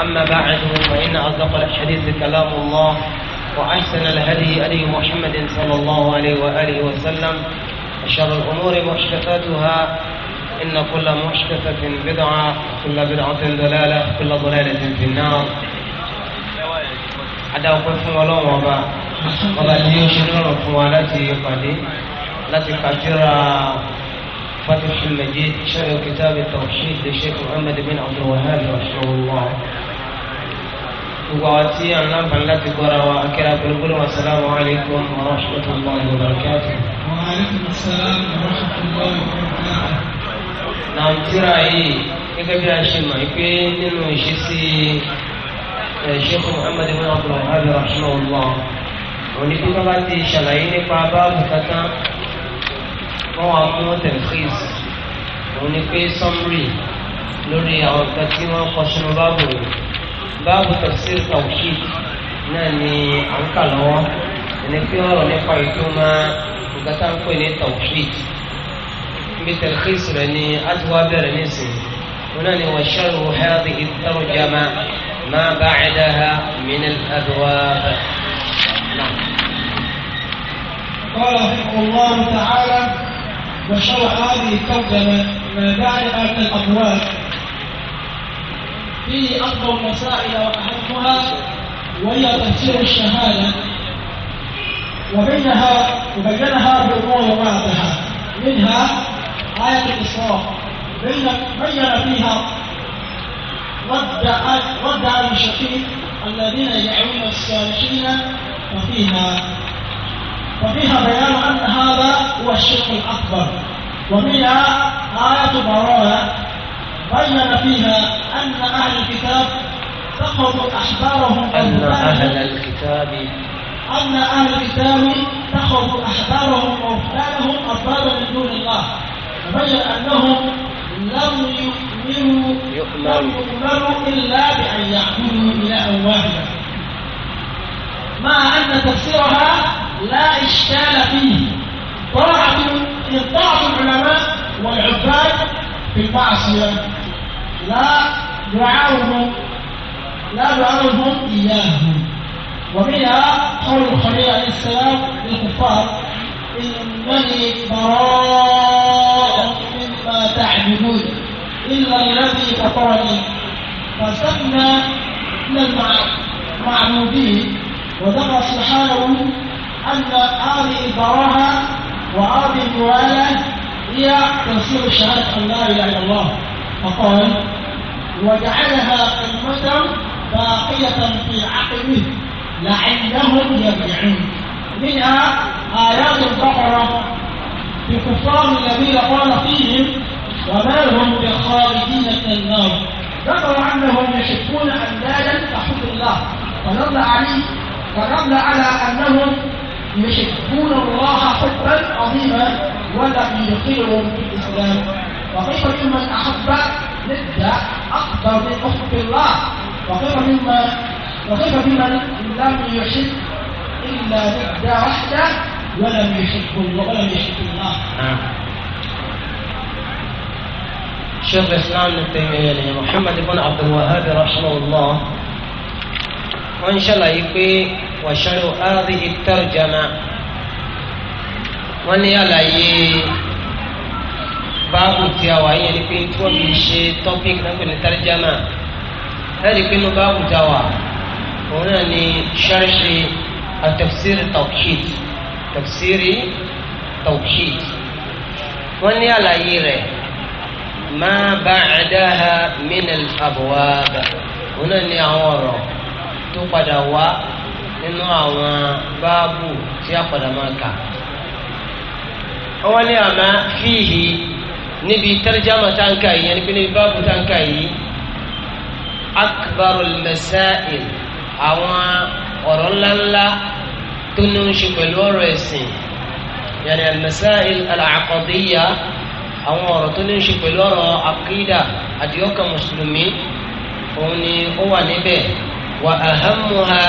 أما بعد فإن أصدق الحديث كلام الله وأحسن الهدي أدي محمد صلى الله عليه وآله وسلم وشر الأمور محدثاتها إن كل محدثة بدعة كل بدعة ضلالة كل ضلالة في النار adáwọ̀ pẹ́ fún ọlọ́run ọba ọba tí ó ṣe lọ́rùn fún wa láti فتح المجيد شرح كتاب التوحيد للشيخ محمد بن عبد الوهاب رحمه الله وقعتي عن لمحة التي قرأ وأكرا بالقول والسلام عليكم ورحمة الله وبركاته وعليكم السلام ورحمة الله وبركاته نعم ترى gẹ́gẹ́ bí a ṣe mọ̀ pé nínú ìṣesí Sheikh Muhammad ibn Abdul Wahhab rahimahullah òní bí bá bá ti wọ́n wá fún wọn tẹ̀fíìs òun ni pé sọ́mùrì lórí àwọn nǹkan tí wọ́n kọ sínú báàbù báàbù tafsir tawhid náà ni à ń kà lọ́wọ́ ẹni pé ọ̀rọ̀ nípa ètò máa nǹkan tá à ń pè ní tawhid níbi tẹ̀fíìs rẹ̀ ni a ti wá bẹ̀rẹ̀ nísìn wọn náà ni wọ́n ṣẹ́rù hẹ́ẹ́dì ìtẹ́rùjàmá máa bá ẹ̀dáha mìíràn àdúrà náà. قال رحمه الله تعالى وشرع هذه الترجمة ما بعد من الأبواب فيه أكبر المسائل وأهمها وهي تفسير الشهادة وبينها وبينها بأمور واضحة منها آية الإسراء بين بين فيها رد رد على المشركين الذين يدعون الصالحين وفيها وفيها بيان أن هذا هو الشرك الأكبر وفيها آية براءة بين فيها أن أهل الكتاب تخرج أحبارهم أن أهل الكتاب أن أهل الكتاب تخرج أحبارهم وأبدانهم أربابا من دون الله وبين أنهم لم يؤمنوا يؤمنوا إلا بأن يعبدوا إلها واحدا مع أن تفسيرها لا إشكال فيه طاعة من بعض العلماء والعباد في المعصية لا دعاؤهم لا دعاؤهم إياهم ومنها قول الخليل عليه السلام للكفار إنني براء مما تعبدون إلا الذي فطرني فسمنا من المعبودين وذكر سبحانه أن هذه البراءة وهذه الموالاه هي تفسير شهادة أن لا إله إلا الله فقال وجعلها كلمة باقية في عقله لعلهم يرجعون منها آيات البقرة كفار الذين قال فيهم وما هم بخارجين من النار ذكر أنهم يشكون أندادا كحب الله فنظر عليه ورمل على أنهم يحبون الله حبا عظيما ولم يدخلهم في الإسلام وكيف ممن أحب ند أكبر من حب الله وكيف ممن وكيف ممن لم يحب إلا ند وحده ولم يحب ولم يحب الله نعم. شيخ الاسلام ابن تيميه محمد بن عبد الوهاب رحمه الله وان شاء الله يكفي وشرع هذه الترجمة wọ́n ní àlàyé báàbù tí a wà yẹn ni pé tí wọ́n fi ṣe topic náà pẹ̀lú tarjama ẹ̀rí pé inú báàbù tá a wà òun náà ni ṣáṣe àtẹ̀síìrì tawhid tẹ̀síìrì tawhid wọ́n ní àlàyé rẹ̀ máa bá àdáha min al òun náà ni àwọn ọ̀rọ̀ tó padà wá nínú àwọn báàbù tí a padà máa kà wọ́n ní àmà fíìhì níbi tẹ́rẹ́jáma táǹkà yìí yẹn níbi báàbù táǹkà yìí akbarul masail àwọn ọ̀rọ̀ ńláńlá tó ní ń ṣe pẹ̀lú ọ̀rọ̀ ẹ̀sìn yẹn al masail al àwọn ọ̀rọ̀ tó ní ń ṣe pẹ̀lú ọ̀rọ̀ akídà àdìọ́kà mùsùlùmí òun ni ó wà níbẹ̀ wà ahammuha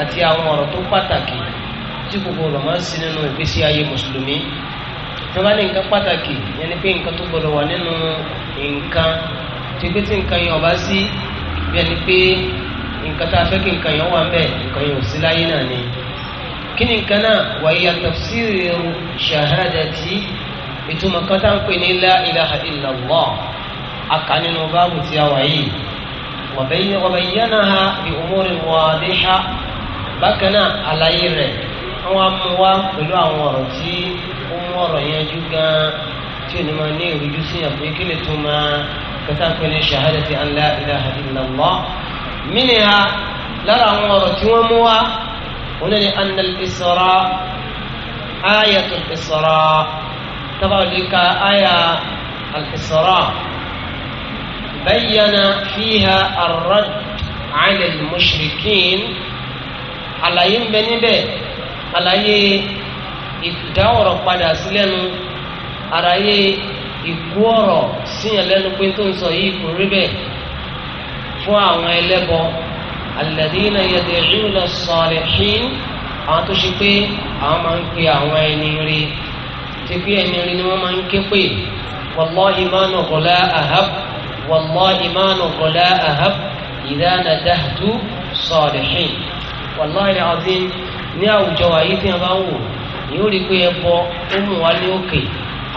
àti àwọn ọ̀rọ̀ tó pàtàkì tí kò gbọdọ̀ máa ń sin nínú ìgbésí ayé mùsùlùmí tó bá ní nǹkan pàtàkì yẹn ni pé nǹkan tó gbọdọ̀ wà nínú nǹkan tó gbé tí nǹkan yẹn ọba sí bí ẹni pé nǹkan tá a fẹ́ kí nǹkan yẹn wà ń bẹ̀ nǹkan yẹn ò sí láyé náà ni kí ni nǹkan náà wà yíya tafsiru shahadati ìtumọ̀ kan tá à ń pè ní la ilaha illallah aka nínú báàbù tí a wà yìí wa bayyanaha bi umurin wadiha. bákan náà àlàyé rẹ̀ wọ́n wá mú wá pẹ̀lú àwọn ọ̀rọ̀ tí ó mú ọ̀rọ̀ yẹn jú gan tí ò ní ma ní ìrújú sí yàn pé kí lè tún ma kẹta pé ní shahadati an la ilaha illallah minha lára àwọn ọ̀rọ̀ tí wọ́n mú wá wọ́n lè ní anna al-isra ayatu al-isra ka aya al-isra bayyana fiha arad radd 'ala al àlàyé ń bẹ níbẹ̀ àlàyé ìdáwọ̀rọ̀ padà sí lẹ́nu àlàyé ìkú ọ̀rọ̀ síyàn lẹ́nu pé tó ń sọ yìí kò rí bẹ́ẹ̀ fún àwọn ẹlẹ́bọ alladhina yad'una as-salihin àwọn tó ṣe pé àwọn máa ń pe àwọn ẹni rí ti pé ẹni rí ni wọ́n máa ń ké pè wallahi ma nughla ahab wallahi ma nughla ahab idha nadahtu salihin. wàláhì àti ní àwùjọ àyè tí a bá wò yóò rí pé ẹbọ ó mú wa ní òkè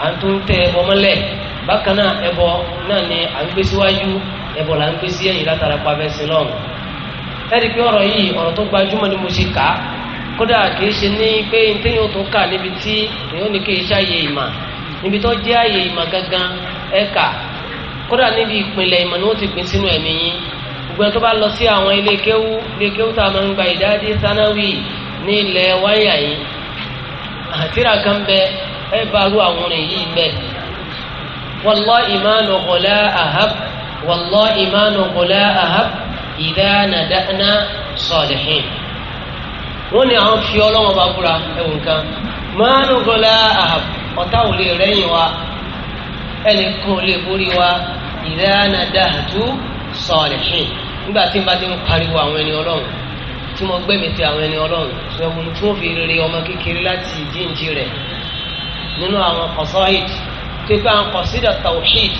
à ń tún tẹ ẹbọ mọ́lẹ̀ bákan náà ẹbọ náà ni à ń gbé síwájú ẹbọ là ń gbé sí ẹ̀yìn látara pàfẹ́ sí pé ni mo ṣe kà á kódà ṣe ní pé tó kà níbi tí èèyàn ní níbi tó àyè gangan kódà níbi ìpìlẹ̀ ni wọ́n ti pín sínú ẹ̀mí yín gbogbo tó bá lọ sí àwọn ilé kéwú ilé kéwú tá a máa ń gba ìdádé sanáwì ní ilẹ̀ wáyà yìí àtìrà kan bẹ ẹ bá rú àwọn orin yìí mẹ wàllọ́ ìmánu kọlá àhàb wàllọ́ ìmánu kọlá àhàb ìdá nàdáná sọ̀lẹ̀hìn. wọ́n ní àwọn fi ọlọ́wọ́n bá búra ẹ̀wọ̀n kan mánu kọlá àhàb ọ̀tá ò lè rẹ́yìn wa ẹnì kan ò lè borí wa ìdá nàdáná tó nígbà tí n bá ti ń pariwo àwọn ẹni ọlọ́run tí mo gbẹ́mìí ti àwọn ẹni ọlọ́run ṣẹ́wọ́n tí wọ́n fi rere ọmọ kékeré láti jíǹjì rẹ̀ nínú àwọn kọ̀sọ́ìd pípẹ́ àwọn kọ̀sídà tawhid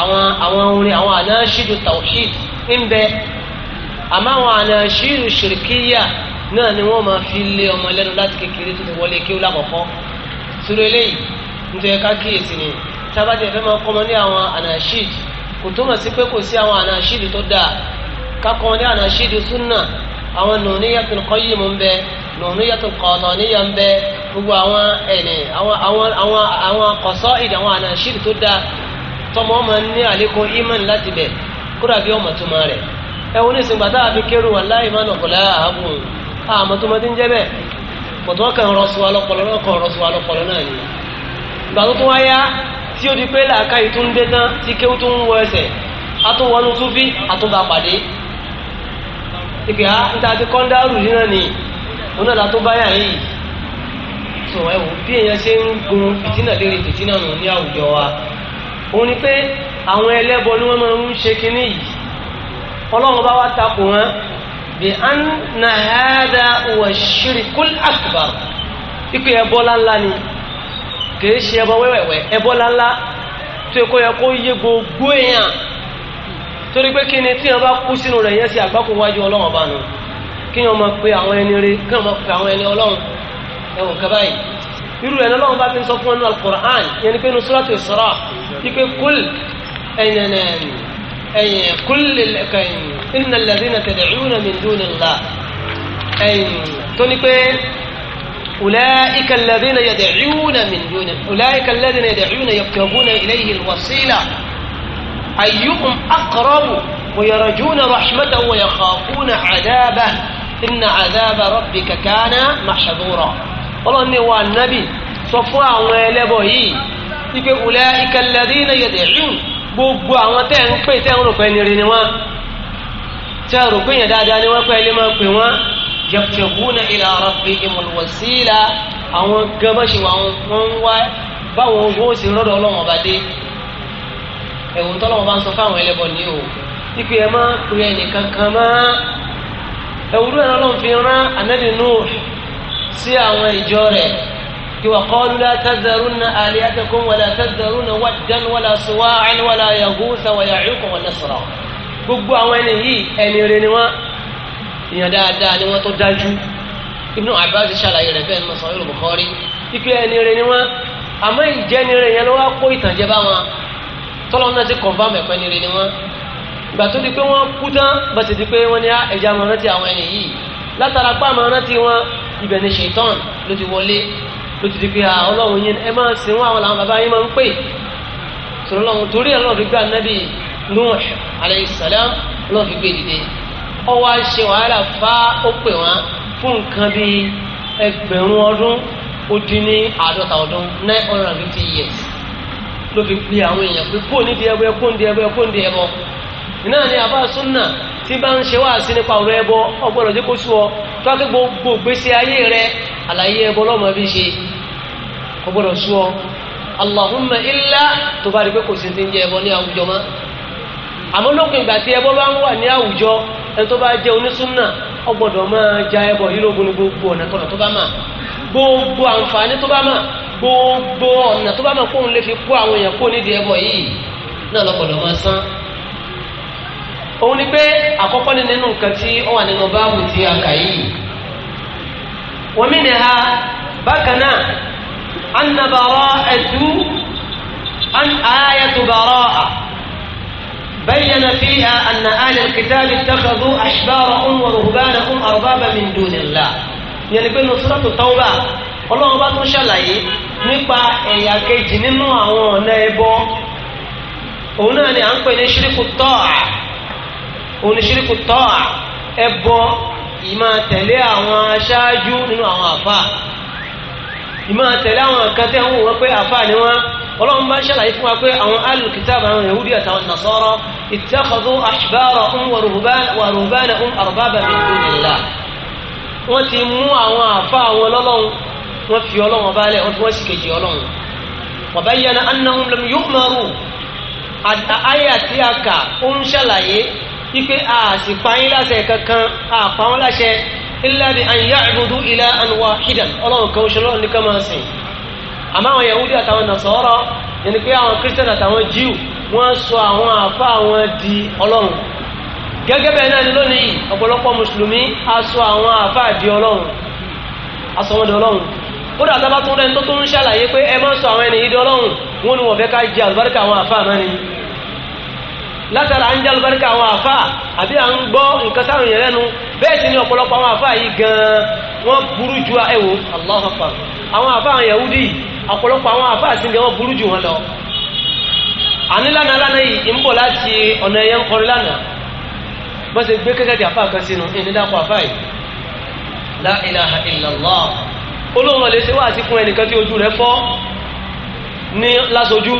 àwọn àwọn orin àwọn ànáṣídù tawhid ń bẹ àmọ́ àwọn ànáṣídù ṣìrìkíyà náà ni wọ́n máa fi lé ọmọ lẹ́nu láti kékeré tó ti wọlé kéwú lákọ̀ọ́kọ́ sórí eléyìí nítorí ká kíyèsí ni tábàtì ẹ̀fẹ́ máa kọ́ mọ ní àwọn ànáṣídù kò túmọ̀ sí pé kò sí àwọn ànáṣídù tó dáa kakọ́ ní ànàṣídù súnà àwọn nùníyàtún kọ́yìmù ń bẹ nùníyàtún kọ̀ọ̀tọ̀níyà ń bẹ gbogbo àwọn ẹ̀nì àwọn kọ̀sọ́ ìdí àwọn ànàṣídù tó dáa tọmọ ọmọ ní àlékún imán láti bẹ̀ kódà bí ọmọ tó máa rẹ̀ ẹ wọ́n ní ìsìngbà tá a fi kérù wà láì má nọ̀kọ̀lá ààbùn àmọ́ tó máa ti ń jẹ́ bẹ́ẹ̀ pọ̀tọ́ kan rọ̀ṣù alọ́pọ̀lọ́ náà kan rọ̀ṣù alọ́pọ̀lọ́ náà ni ìgbà tó tún wáyá tí ó di pé làákàyè tó ń dé tán tí kéwú tó ń wọ ẹsẹ̀ àtúnwọnú tún bí àtúnbà pàdé ìgbé á ń ta ti náà ni tó báyà yìí sọ ẹ bí èèyàn ṣe ń gun fìtínà lérí nù ní àwùjọ wa òun ni pé àwọn ẹlẹ́bọ ni wọ́n máa ń ṣe kínní yìí ọlọ́run bá wá takò wọn bí na hada wa ni kì í ṣe ẹbọ wẹ́wẹ́wẹ́ ẹbọ tó yẹ kó yẹ kó gbogbo èèyàn. torí pé kí ni tí wọn bá kú sínú rẹ̀ yẹn sí àgbákò wájú ọlọ́run ọba nù kí wọn máa pe àwọn ẹni rẹ̀ kí wọn máa pe àwọn ẹni ọlọ́run ẹwọn kaba yìí irú ẹni ọlọ́run bá fi ń sọ fún ẹnu alukur'an yẹn ni pé nu suratul Isra ike kul ẹyìn ẹyìn kul ẹyìn innal ladhina tad'una min dunillah ẹyìn tó ní pé أولئك الذين يدعون من دونه أولئك الذين يدعون يبتغون إليه الوسيلة أيهم أقرب ويرجون رحمته ويخافون عذابه إن عذاب ربك كان محذورا والله أني هو النبي صفوا ويلبه أولئك الذين يدعون gbogbo àwọn tẹ́ ń pè tẹ́ ń rò pé ní rí ni wọ́n tẹ́ rò pé yẹn dáadáa ni wọ́n pẹ́ ilé máa pè wọ́n yabtaguna ila rabbihimul wasila àwọn gan ẹ̀wọ̀n tọ́lọ́ wọn bá ń sọ fáwọn ẹlẹ́bọ ní o ipe ẹ máa pe ẹnìkan kan máa ẹ̀wùrú ẹ̀rọ ló ń fi rán anabi nuh sí àwọn ìjọ rẹ̀ kí wà qalu la tadharunna alihatakum wala tadharunna waddan wala suwa'an wala yaghutha wa ya'uqa wa nasra gbogbo àwọn ẹni yìí ẹni rẹ ni wọn èèyàn dáadáa ni wọn tó dájú Ibnu Abbas ṣàlàyé rẹ̀ bẹ́ẹ̀ ní sọ yóò Bukhari ipe ẹni rẹ ni wọn àmọ́ ìjẹni rẹ yẹn ló wá kó ìtànjẹ bá wọn tọ́lọ́run náà ti confam ẹ̀pẹ́ ni rè ni wọ́n ìgbà tó di pé wọ́n kú tán bá ti di pé wọ́n ní ah, ẹja máa rántí àwọn ẹni yìí látara pa máa rántí wọn ibẹ̀ ni ṣètọ́n ló ti wọlé ló ti di pé ah, ọlọ́run yẹn ẹ máa sin wọn àwọn làwọn bàbá yín máa ń pè sọ̀rọ̀ lọ́run torí ẹ̀ lọ́run fi gbé anábì Nuh alayhi salam lọ́run fi gbé dìde ó wá ṣe wàhálà fá ó pè wọ́n fún nǹkan bíi ẹgbẹ̀rún ọdún ó dín ní àádọ́ta ọdún nine hundred and fifty years ló fi pe àwọn èèyàn pé kó nídìí ẹbọ ẹ kó nídìí ẹbọ ẹ kó nídìí ẹbọ náà ni àbá súnà tí bá ń ṣe wá sí nípa ọ̀rọ̀ ẹbọ ọgbọ́dọ̀ jẹ́ kó sú ọ tó wá gbogbo ìgbésí ayé rẹ àlàyé ẹbọ lọ́mọ bí ṣe kò sú ọ Allahumma illa tó bá rí pé kò sí ti ń jẹ ẹbọ ní àwùjọ mọ́. àmọ́ lópin ìgbà tí ẹbọ bá ń wà ní àwùjọ ẹni tó bá jẹ́ onísúnà ó máa ja ẹbọ yìí lógun ní gbogbo ọ̀nà tọ̀nà tó bá mà gbogbo àǹfààní tó bá gbogbo ọ̀nà tó bá lè fi kó àwọn èèyàn kó nídìí ẹbọ yìí san. òun ni pé àkọ́kọ́ ni nínú nǹkan tí ó wà nínú ti ha bákan náà ẹ̀dú بين فيها أن أهل الكتاب اتخذوا أحبارهم ورهبانهم أربابا من دون الله يعني بين سورة التوبة Ọlọ́run bá tún ṣàlàyé nípa ẹ̀yà kejì nínú àwọn ọ̀nà ẹbọ òun náà ni à ń pè ní ṣíríkù tọ́à òun ni ṣíríkù tọ́à ẹbọ ìmọ̀ tẹ̀lé àwọn aṣáájú nínú àwọn àfáà ìmọ̀ tẹ̀lé àwọn nǹkan tẹ́ ń wọ́n pé àfa ni wọ́n ọlọ́run bá ṣàlàyé fún wa pé àwọn alùkìtàbà àwọn yahudi àtàwọn nasọ́rọ́ ittakhadhu ahbarahum wa ruhbanahum arbaban min dunillah wọ́n ti mú àwọn àfa àwọn lọ́lọ́run wọ́n fi ọlọ́run bá lẹ̀ wọ́n fi wọ́n sì kejì ọlọ́run wa illa bi an ya'budu ilahan wahidan ọlọ́run kan ṣe lọ́run ní ká máa sìn àmọ́ àwọn yahudi àtàwọn nasọ́rọ̀ yẹn ni pé àwọn christian àtàwọn jew wọ́n sọ àwọn àfa àwọn di ọlọ́run gẹ́gẹ́ bẹ́ẹ̀ náà ni lónìí ọ̀pọ̀lọpọ̀ mùsùlùmí a sọ àwọn àfa di ọlọ́run a sọ ọlọ́run látara ń jẹ́ alùbáríkà àwọn àfà àbí à ń gbọ́ nǹkan sáàrùn yẹn lẹ́nu bẹ́ẹ̀ sì ni ọ̀pọ̀lọpọ̀ àwọn àfà yìí gan-an wọ́n burú ju ẹ̀wò Allahu àwọn àfà àwọn Yahudi ọ̀pọ̀lọpọ̀ àwọn àfà sí wọ́n burú ju wọn lọ. àní lánàá lánàá yìí ń bọ̀ láti ọ̀nà ń kọrin lánàá gbé kẹ́kẹ́ àfà la ilaha a olóhùn ọ̀lẹ́ ṣe wá sí fún ẹnìkan tí ojú rẹ̀ ní lásojú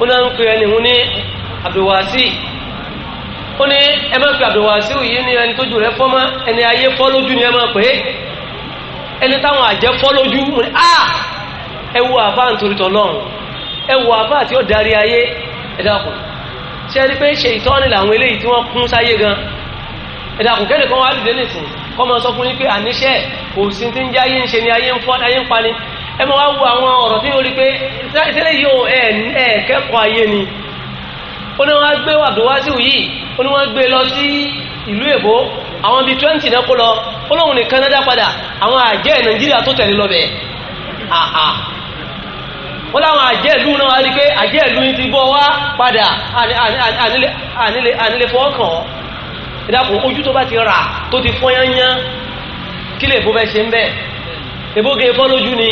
ó náà ń Abdulwasi ó ní ẹ má pe Abdulwasi yìí ní ẹni tójú rẹ fọ́ ẹni ayé fọ́ lójú ni ẹ má pè é ẹni táwọn àjẹ́ fọ́ lójú mo ní a ah! ẹ wo àbá nítorí tọ́lọ́run ẹ wo àbá tí ó darí ayé ẹ dákun ṣe ẹni pé ṣe ìtọ́ni làwọn eléyìí tí wọ́n kún sáyé gan ẹ dákun kẹ́lẹ̀ kan wá dìde nìsín kọ́ máa sọ fún yín pé àníṣe kò sí ti ń jẹ́ ayé ń ṣe ni ayé ń fọ́ ayé ń pa ẹ máa wá wo àwọn ọ̀rọ̀ tí ó rí pé tẹ́lẹ̀ yìí ẹ̀ ayé ni ó ní wọ́n gbé Abdulwasiu yìí ó ní wọ́n gbé lọ sí ìlú èbó àwọn bíi twenty náà kó lọ ó lóun ní Canada padà àwọn àjẹ́ Nàìjíríà tó tẹ̀lé lọ bẹ̀ àhà wọ́n láwọn àjẹ́ ìlú náà wá rí pé àjẹ́ ìlú yìí ti bọ́ wá padà ànílé fọwọ́ kàn ọ́ ìdàpọ̀ ojú tó bá ti rà tó ti fọ́ yányán kí lè bó bẹ́ ṣe ń bẹ́ẹ̀ ìbóge fọ́ lójú ni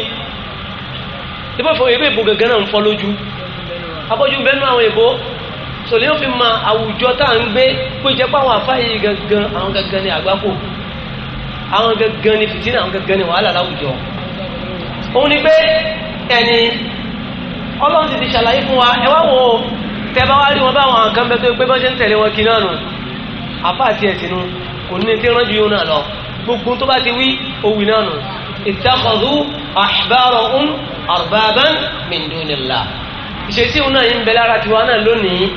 ìbó ìbó gẹ̀gẹ̀ náà ń fọ́ lójú abọ́jú bẹ́ẹ̀ nú àwọn ìbó sọlẹ́ yóò fi ma àwùjọ tá à ń gbé pé jẹ́ pé àwọn àfáàyè gangan àwọn gangan ni àgbákò àwọn gangan ni fìtínà àwọn gangan ni wàhálà láwùjọ òun ni pé ẹni ọlọ́run ti ti ṣàlàyé fún wa ẹ wá wo tẹ bá wá rí wọn báwọn nǹkan bẹ tó pé bọ́n ṣe ń tẹ̀lé wọn kí náà nù àfáà tiẹ̀ sínú kò ní ti rán ju yóò náà lọ gbogbo tó bá ti wí òwì náà nù ìtàkọ̀dù ahbarahum arbaban min dunillah ìṣesí òun náà yìí ń bẹ lára tiwa náà lónìí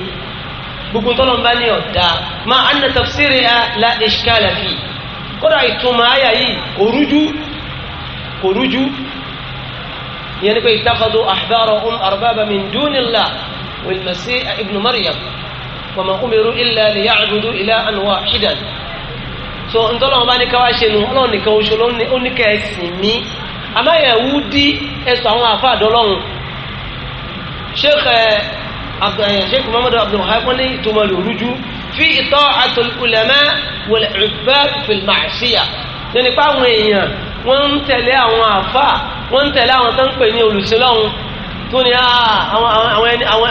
gbogbo tọ́lọ̀ ń bá ní ọ̀dà máa anna tafsiri a la ishkala fi kódà ìtumọ̀ àyà yìí kò rújú kò rújú ìyẹn ni pé ittakhadhu ahbarahum arbaba min dunillah wal masih ibn maryam wa ma umiru illa liya'budu ilahan wahidan so ntọ́lọ̀ ń bá ní káwá ṣe nu ọlọ́run nìkan oṣù ló ní kẹ́sìn mí àmọ́ Yahudi ẹ̀sùn àwọn àfa àdọ́lọ́run sheikh eh, sheikh muhammad abdulwahab wọn ní ìtumọ̀ lòrújú fi ita'atul ulama wal ubbad fil ma'siyah lẹ́ni pa àwọn èèyàn wọ́n ń tẹ̀lé àwọn àfà wọ́n ń tẹ̀lé àwọn tó ń pè ní olùsílọ́hun tó ní ah,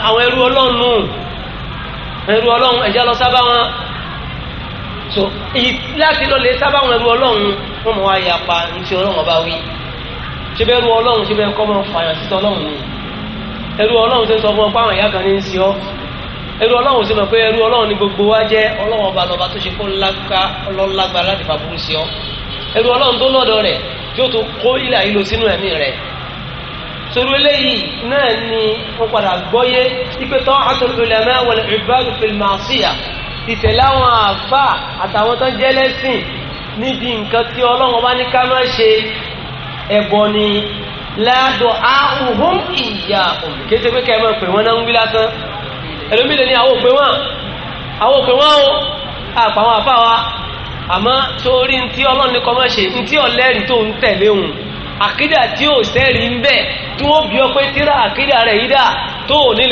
àwọn ẹrú ọlọ́run ẹrú ọlọ́run ẹ̀já lọ sábà wọn so láti lọ lè sábà wọn ẹrú ọlọ́run wọn mọ̀ wá yapa ní ti ọlọ́run ọba wí ṣe bẹ́ẹ̀ rú ọlọ́run ṣe bẹ́ẹ̀ kọ́ mọ́ fàyàn sí tọ́lọ́run ni ẹrú ọlọ́run ti ń sọ fún ọ pé àwọn ìyá kan ní ń sí ọ ẹrú ọlọ́run ti mọ̀ pé ẹrú ọlọ́run ni gbogbo wa jẹ́ ọlọ́run ọba lọ́ba tó ṣe kó lọ́lágbá láti fà burú sí ọ ẹrú ọlọ́run tó lọ́dọ̀ rẹ̀ yóò tó kó ilà yìí lọ sínú ẹ̀mí rẹ̀ sọ̀rọ̀ eléyìí náà ni wọ́n padà gbọ́yé ipe tó àtúntò ulama wal ibadu ìtẹ̀lé àwọn àfà àtàwọn tó jẹ́ lẹ́sìn níbi nǹkan tí ọlọ́run ọba ní ká má ṣe ẹ̀bọ ni lẹ́dọ̀ ahùhùn ìyá òun kéṣe pé kẹ́ẹ̀mọ́ pè wọ́n náà ń wí lásán ẹlòmílẹ̀ ni àwọn òpè wọ́n àwọn òpè wọ́n o àpà àwọn àfà wa àmọ́ sórí ntí ọlọ́run ní kọ́mọ́ ṣe ntí ọ̀lẹ́rìí tó ń tẹ̀lé òun àkídà tí ò sẹ́rì ń bẹ̀ tí wọ́n bí ọ pé tíra àkídà rẹ̀ yídà tó ò ní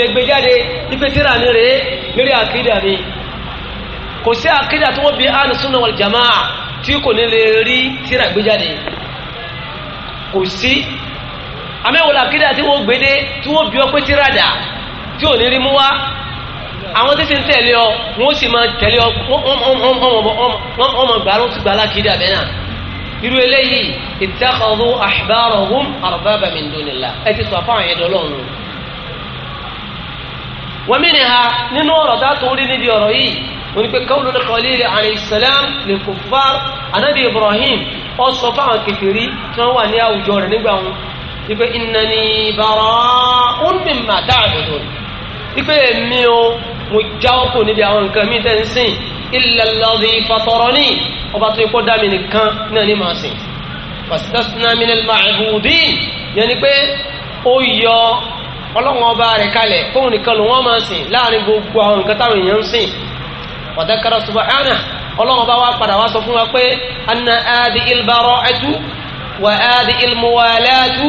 kò ní lè rí tíra gbé kò sí amẹ́wòlá kídà tí wọ́n gbédé tí wọ́n bí ọ pé tírada tí ò ní rí mú wá àwọn tí ti ń tẹ̀lé ọ wọ́n sì máa tẹ̀lé ọ wọ́n mọ̀ gbàrún ti gbàlá kídà bẹ́ẹ̀ náà irú eléyìí ittakhadhu ahbarahum arbaba min dunillah ẹ ti sọ fáwọn ẹ̀dọ́ lọ́run wa minha nínú ọ̀rọ̀ tá a tó rí níbi ọ̀rọ̀ yìí wọ́n ní pé qawlu al-Khalil alayhi salam lil kuffar anabi Ibrahim ó sọ fáwọn kèfèrí tí wọ́n wà ní àwùjọ rẹ̀ nígbà wọn ipe innani bara'un mimma ta'budun ipe èmi o mo jáwọ́ kò níbi àwọn nǹkan mi tẹ́ ń sìn illa alladhi fatarani ọba tó yẹ kó dá mi nìkan náà ní màá sìn fastasna minal ma'budin yẹn ni pé ó yọ ọlọ́wọ́n ọba rẹ̀ kalẹ̀ fóun nìkan ló wọ́n máa sìn láàrin gbogbo àwọn nǹkan táwọn èèyàn ń sìn wa dhakara subhanahu ọlọ́wọ́n ọba wa padà wá sọ fún wa pé anna adi ilbara'atu wà áàdì ilmuwaláàtú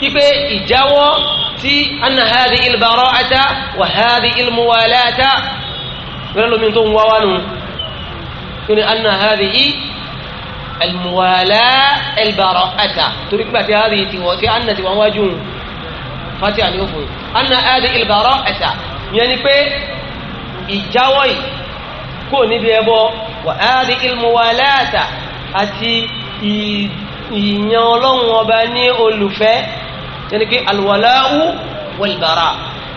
pípé ìjáwọ́ tí anna áàdì ilbàrọ̀ ata wà áàdì ilmuwaláàtá wẹ́rẹ́ lómi tó ń wá wá nù tó ní anna áàdì ilmuwalá ilbàrọ̀ ata torí pípé àti áàdì tiwọ́ tí anna tiwọ́ wájú fati àní òfin anna áàdì ilbàrọ̀ ata yẹn pé ìjáwọ́ yìí kò níbi ẹbọ wà áàdì ilmuwaláàtá àti ìdí ìyàn ọlọ́run ọba ní olùfẹ́ yẹn kí alwala'u walbara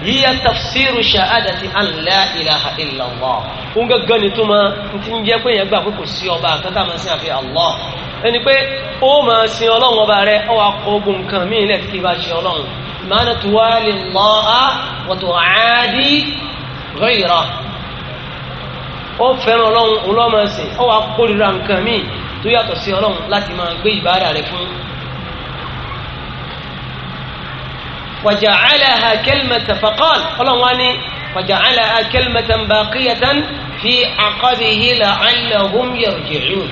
hiya tafsiru shahadati an la ilaha illallah òun gángan ni tó máa ń ti ń jẹ́ pé yẹn gbà pé kò sí ọba àkàtà máa ń sin àfi Allah ẹni pé ó máa sin ọlọ́run ọba rẹ ọ wà kó ogun kan mí ilẹ̀ kíkì bá ṣe ọlọ́run ma'ana tuwali Allah wa tu'adi ghayra ó fẹ́ràn ọlọ́run òun máa sìn ọ wà kó lura nǹkan míì tó yàtọ̀ sí ọlọ́run láti máa gbé ìbára rẹ̀ fún. waja'alaha kalimatan faqal ọlọ́run wá ní waja'alaha kalimatan baqiyatan fi aqabihi la'allahum yarji'un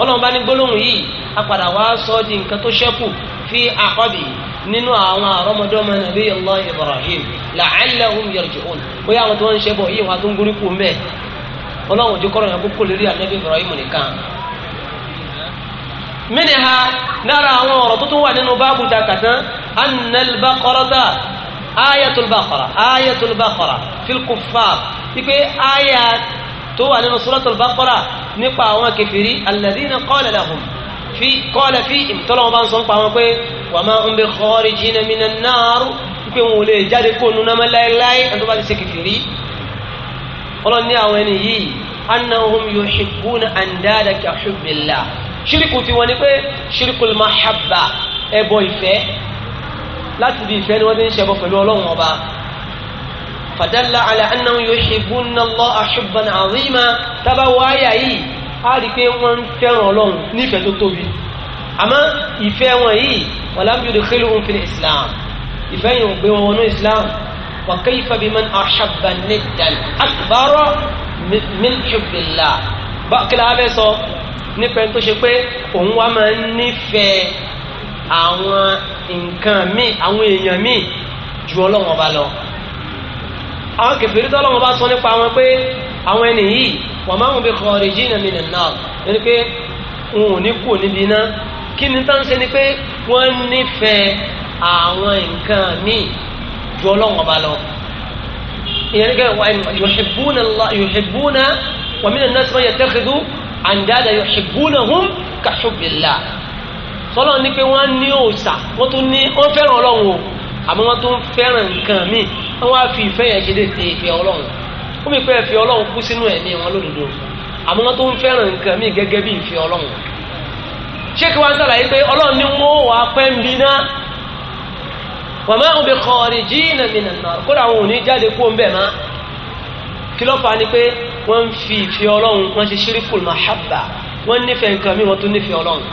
ọlọ́run bá ní gbólóhùn yìí apàdà wá sọ di nǹkan tó ṣẹ́kù fi aqabihi nínú àwọn àrọ́mọdọ́mọ nàbí Allah Ibrahim la'allahum yarji'un bóyá àwọn tó ń ṣe bọ̀ yìí tó ń gorí kú mẹ́ ọlọ́run ojú mínìhà lára àwọn ọ̀rọ̀ tó tún wà nínú báàbù takàtán annalbaqarata ayatulbaqara ayatulbaqara filkufar wípé aya tó wà nínú suratul-baqara nípa àwọn kẹfìrí alladhina qala lahum fi qala fi ìtọ́lọ́wọ́n bá ń sọ nípa wọn pé wa ma hum bi kharijina minan nar wípé wọn ò lè jáde kó nu náà láéláé ẹni bá ti ṣe kẹfìrí ọlọ́ni àwọn ẹni yìí annahum yuhibbuna andada ka hubbillah ṣíríkù tí wọ́n ní pé ṣíríkù mahabba ẹbọ ìfẹ́ láti bí ìfẹ́ ni wọ́n ti ń ṣẹbọ pẹ̀lú ọlọ́run ọba fàdálà àlẹ́ anáwó yóò ṣe gbóná lọ àṣùbọ̀n àríma tábà wáyà yìí á rí pé wọ́n ń fẹ́ràn ọlọ́run nífẹ̀ẹ́ tó tóbi àmọ́ ìfẹ́ wọn yìí wọ́n lábí odò kílù ń fi islam ìfẹ́ yìí ò gbé wọn wọnú islam wà kéyì fàbí mọ́n àṣàbà nìdàn àkùbárọ̀ min hubbillah bá kílà abẹ́ sọ nípa ẹni tó ṣe pé òun wá máa ń nífẹ̀ẹ́ àwọn nǹkan míì àwọn èèyàn míì ju ọlọ́run ọba lọ àwọn kẹfìrí tó ọlọ́run ọba sọ nípa wọn pé àwọn ẹni yìí wọ́n máa ń bi kharijina minan nar ẹni pé wọn ò ní kú níbi iná kí ni tá ń ṣe ni pé wọ́n nífẹ̀ẹ́ àwọn nǹkan míì ju ọlọ́run ọba lọ ìyẹn ní kẹ́ yuhibbuna Allah yuhibbuna wa minan nas man yattakhidhu àǹdáàdà yuhibbunahum ka hubbillah sọlọ́n ní pé wọ́n ní òòsà wọ́n tún ní wọ́n fẹ́ràn ọlọ́run o àmọ́ wọ́n tún fẹ́ràn nǹkan míì wọ́n wá fi ìfẹ́ yẹn ṣe dé ti ìfẹ́ ọlọ́run ó mi pẹ́ ìfẹ́ ọlọ́run kú sínú ẹ̀mí wọn lódodo àmọ́ wọ́n tún fẹ́ràn nǹkan míì gẹ́gẹ́ bí ìfẹ́ ọlọ́run ṣé kí wọ́n sàlàyé pé ọlọ́run ní wọ́n wà pẹ́ ń bi náà wa ma bi kharijina minan nar kódà kó wọ́n ń fi ìfẹ́ ọlọ́run wọ́n ṣe ṣíríkù mahabba wọ́n nífẹ̀ẹ́ nǹkan mi wọ́n tún nífẹ̀ẹ́ ọlọ́run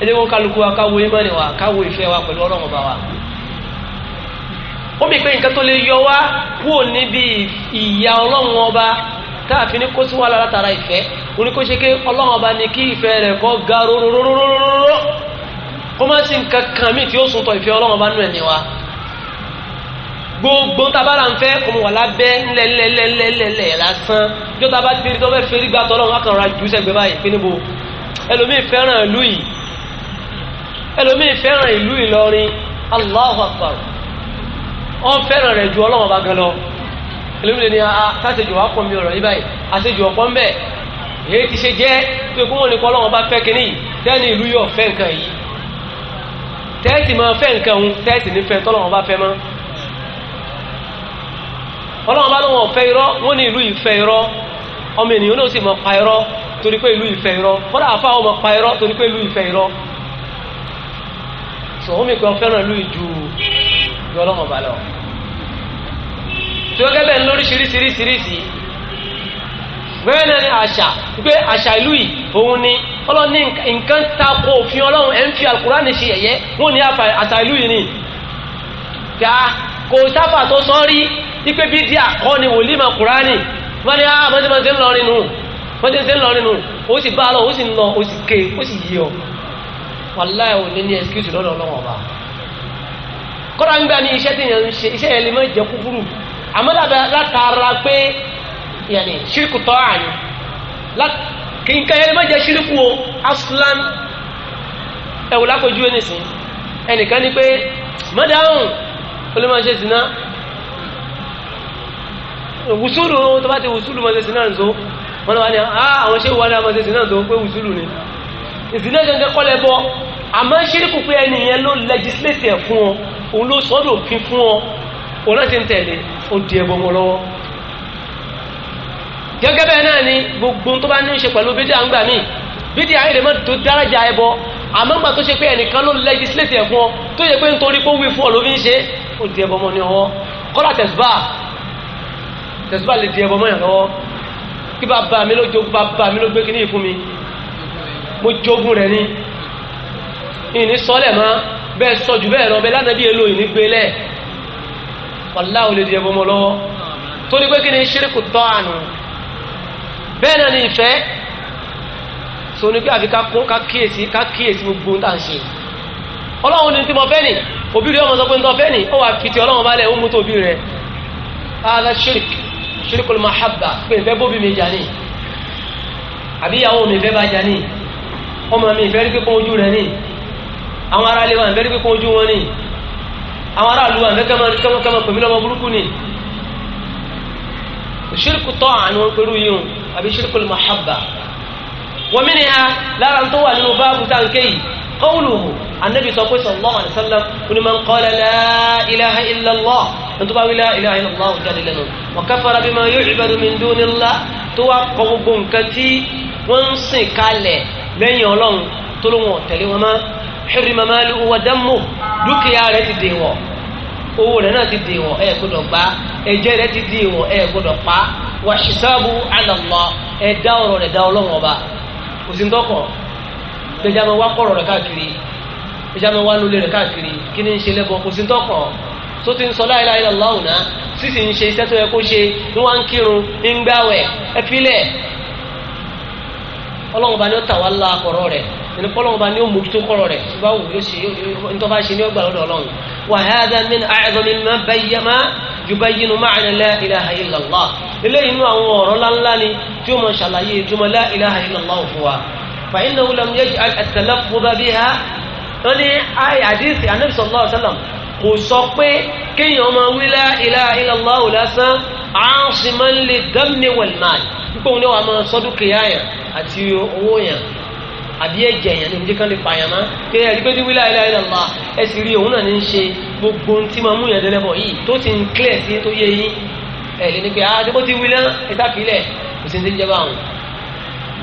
ẹ̀dẹ́ wọn kálukú wa káwo imáni wa káwo ìfẹ́ wa pẹ̀lú ọlọ́run ọba wa. ó mi pé nǹkan tó lè yọ wá kúrò níbi ìyà ọlọ́run ọba tá a fi ní kó tún wà lára tara ìfẹ́ oní kó ṣe ké ọlọ́run ọba ní kí ìfẹ́ rẹ̀ kó ga rorororororo kó má sí nǹkan kan mi tí ó gbogbo tabara ń fẹ́ ọmọ wà lábẹ́ ńlẹ́lẹ́lẹ́lẹ́lẹ́ lásán jọ taba ti rí tọ́fẹ́ fẹ́rí gbà tọ́lọ́ wọn kànra jù sẹ́gbẹ́ báyìí pé níbo ẹlòmíì fẹ́ràn ìlú yìí ẹlòmíì fẹ́ràn ìlú Ìlọrin Allahu Akbar wọn fẹ́ràn rẹ̀ ju ọlọ́wọ́n bá gan lọ ẹlòmíì ní a ah, ah, káṣejù wà pọ̀ mi ọ̀rọ̀ yìí báyìí àṣejù ọ̀pọ̀ ń bẹ̀ èyí ti ṣe jẹ́ pé kó wọn ní kọ́ ọlọ́wọ́n bá fẹ́ kínní tẹ́ni ìlú yóò fẹ́ nǹkan yìí tẹ́ẹ̀tì máa fẹ́ nǹkan òun tẹ́ẹ̀tì nífẹ̀ẹ́ tọ́lọ́wọ́n bá fẹ́ máa ọlọ́run bá lóun ọ̀fẹ́ irọ́ wọ́n ní ìlú ìfẹ́ irọ́ ọmọ ènìyàn náà sì mọ̀ pa irọ́ torí pé ìlú ìfẹ́ irọ́ kọ́dà àfa ọmọ pa irọ́ torí pé ìlú ìfẹ́ irọ́ sọ̀hún mi kan fẹ́ràn ìlú ìjù ìlú ọlọ́run bá lọ. tí ó gẹ́gẹ́ bẹ́ẹ̀ lóríṣiríṣiríṣiríṣi bẹ́ẹ̀ náà ni àṣà pé àṣà ìlú yìí òun ni ọlọ́run ní nǹkan tako òfin ọlọ́run ẹ̀ ń fi àlùkùránì ṣe ẹ̀yẹ wọ́n ní àṣà ìlú yìí ni kò sábà tó sọ rí ipe bídíà kọ́ ni wòlíì máa kúránì wọ́n ní àwọn tí wọ́n ti ń lọ nínú wọ́n ti ń lọ nínú ó sì bá lọ ó sì lọ ó sì ké ó sì yí ọ wàláì ò ní ní excuse lọ́dọ̀ ọlọ́wọ́n ọba kọ́ra ń gbà ní iṣẹ́ tí yẹn ń ṣe iṣẹ́ yẹn lè má jẹ́ kúkúrú àmọ́ látara pé yẹn ṣírkù tọ́ àyè kí n lè má jẹ́ ṣírkù o aslan ẹ̀wò ẹnìkan ní pé mọ́dáhùn ó lè máa ṣe zina wùsùlù tó bá ti wùsùlù máa ṣe zina nìso wọn lọ wá ní àwọn ṣé wàdà máa ṣe zina nìso pé wùsùlù ni ìzìnà jẹjẹ kọ́lẹ̀ bọ́ àmọ́ ṣíríkù pé ẹni yẹn ló legislate ẹ̀ fún ọ òun ló sọ́dọ̀ òfin fún ọ òun láti ń tẹ̀lé ó di ẹbọ wọn lọ́wọ́ gẹ́gẹ́ bẹ́ẹ̀ náà ni gbogbo tó bá ní í ṣe pẹ̀lú bídíà ń gbà míì bídíà ayé rẹ̀ mọ́ tó dárájà ẹbọ àmọ́ tó ṣe pé ẹnìkan ló legislate ẹ̀ fún ọ tó yẹ pé nítorí pé ó wí fún ọ ló fi ń ṣe ó di ẹbọ mọ́ ní ọwọ́ kọ́lá tẹ̀síbà tẹ̀síbà lè di ẹbọ mọ́ yàn lọ́wọ́ kí bàbá mi ló jogún bàbá mi ló gbé kíní ìfún mi mo jogún rẹ̀ ni ìní sọ́lẹ̀ mọ́ bẹ́ẹ̀ sọ jù bẹ́ẹ̀ lọ bẹ́ẹ̀ bí èlò ìní gbé lẹ̀ wàlá ò lè di ẹbọ mọ́ lọ́wọ́ torí pé kíni ṣíríkù tọ́ àná bẹ́ẹ̀ náà ni ìfẹ́ sọ ni pé àfi ká kún ká kíyèsí ká kíyèsí gbogbo ń ṣe ọlọ́run ni tí mo fẹ́ nìyí òbí rẹ̀ ọmọ sọ pé ń tọ́fẹ́ ni ó wà kìtì ọlọ́run bá lẹ̀ ó mú tóbi rẹ̀ ala shirik shirikul mahabba pé ìfẹ́ bóbi mi jà ní àbí ìyàwó mi ìfẹ́ bá jà ní ọmọ mi ìfẹ́ rí pípọ́n ojú rẹ̀ ní àwọn ará ilé wa ìfẹ́ rí pípọ́n ojú wọn ní àwọn ará ìlú wa ìfẹ́ kẹ́mọ́kẹ́mọ́ pèmí lọ́mọ burúkú ní shirikul ta'a ni wọ́n pẹ̀lú yìí àbí shirikul mahabba wọ́n mí ni ha lára tó wà nínú báàbù táǹkẹ́ yìí qawluhu anabi sọ pé sallallahu alayhi wa sallam kuni man qala la ilaha illallah nítorí bá wí la ilaha illallah jáde lẹ́nu wa kafara bima yu'badu min dunillah tó wá kọ gbogbo nǹkan tí wọ́n ń sìn kalẹ̀ lẹ́yìn ọlọ́run tó ló wọn tẹ̀lé wọn mọ́ hurrima maluhu wa damuhu dúkìá rẹ̀ ti dè wọ̀ owó rẹ̀ náà ti di ìwọ̀ ẹ̀ gbọ́dọ̀ gbá ẹ̀jẹ̀ rẹ̀ ti di ìwọ̀ ẹ̀ gbọ́dọ̀ pa wà ṣìṣàbù ala Allah ẹ̀dá ọ̀rọ̀ dá ọlọ́wọ̀n ọba òsìntọ́kọ̀ gbẹjà máa wá kọ̀rọ̀ rẹ̀ káàkiri gbẹjà máa wá lólè rẹ̀ káàkiri kí ni ń ṣe lẹ́bọ̀ kò sí ń tọkàn tó ti ń sọ la ilaha illallah náà sísì ń ṣe iṣẹ́ tó yẹ kó ṣe ń wá ń kírun ń gbáwẹ̀ ẹ filẹ̀ ọlọ́run bá ní ó tà wá la kọ̀rọ̀ rẹ̀ ẹni kọ́lọ́run bá ní ó mójútó kọ̀rọ̀ rẹ̀ tó bá wù yóò ṣe nítorí bá ṣe ní ọgbà lọ́dọ̀ ọlọ́run wa hadha min a'zami ma bayyana yubayyinu ma'na la ilaha illallah eléyìí inú àwọn ọ̀rọ̀ ńláńlá ni tí ó mọ̀ ṣàlàyé ìtumọ̀ la ilaha illallah fún wa. فإنه لم يجعل التلفظ بها wọ́n ní ayé àdìsí anabi sallallahu alaihi wasallam kò sọ pé kéèyàn máa wí la ilaha illallah lásán àásìmọ́ lè gánni wẹ̀lmáì pípọ̀ ní wàá máa sọ́dún kìíyà yẹn àti owó yẹn àbí ẹ̀jẹ̀ yẹn ní nìkan lè pààyàn má kí ẹ pé ní wí la ilaha illallah ẹ sì rí òun náà ní ṣe gbogbo tí máa mú yẹn délẹ́bọ̀ yìí tó ti ń kílẹ̀ sí tó yé yín ẹ̀ lé ní pé àdébó ah, ti wí lẹ́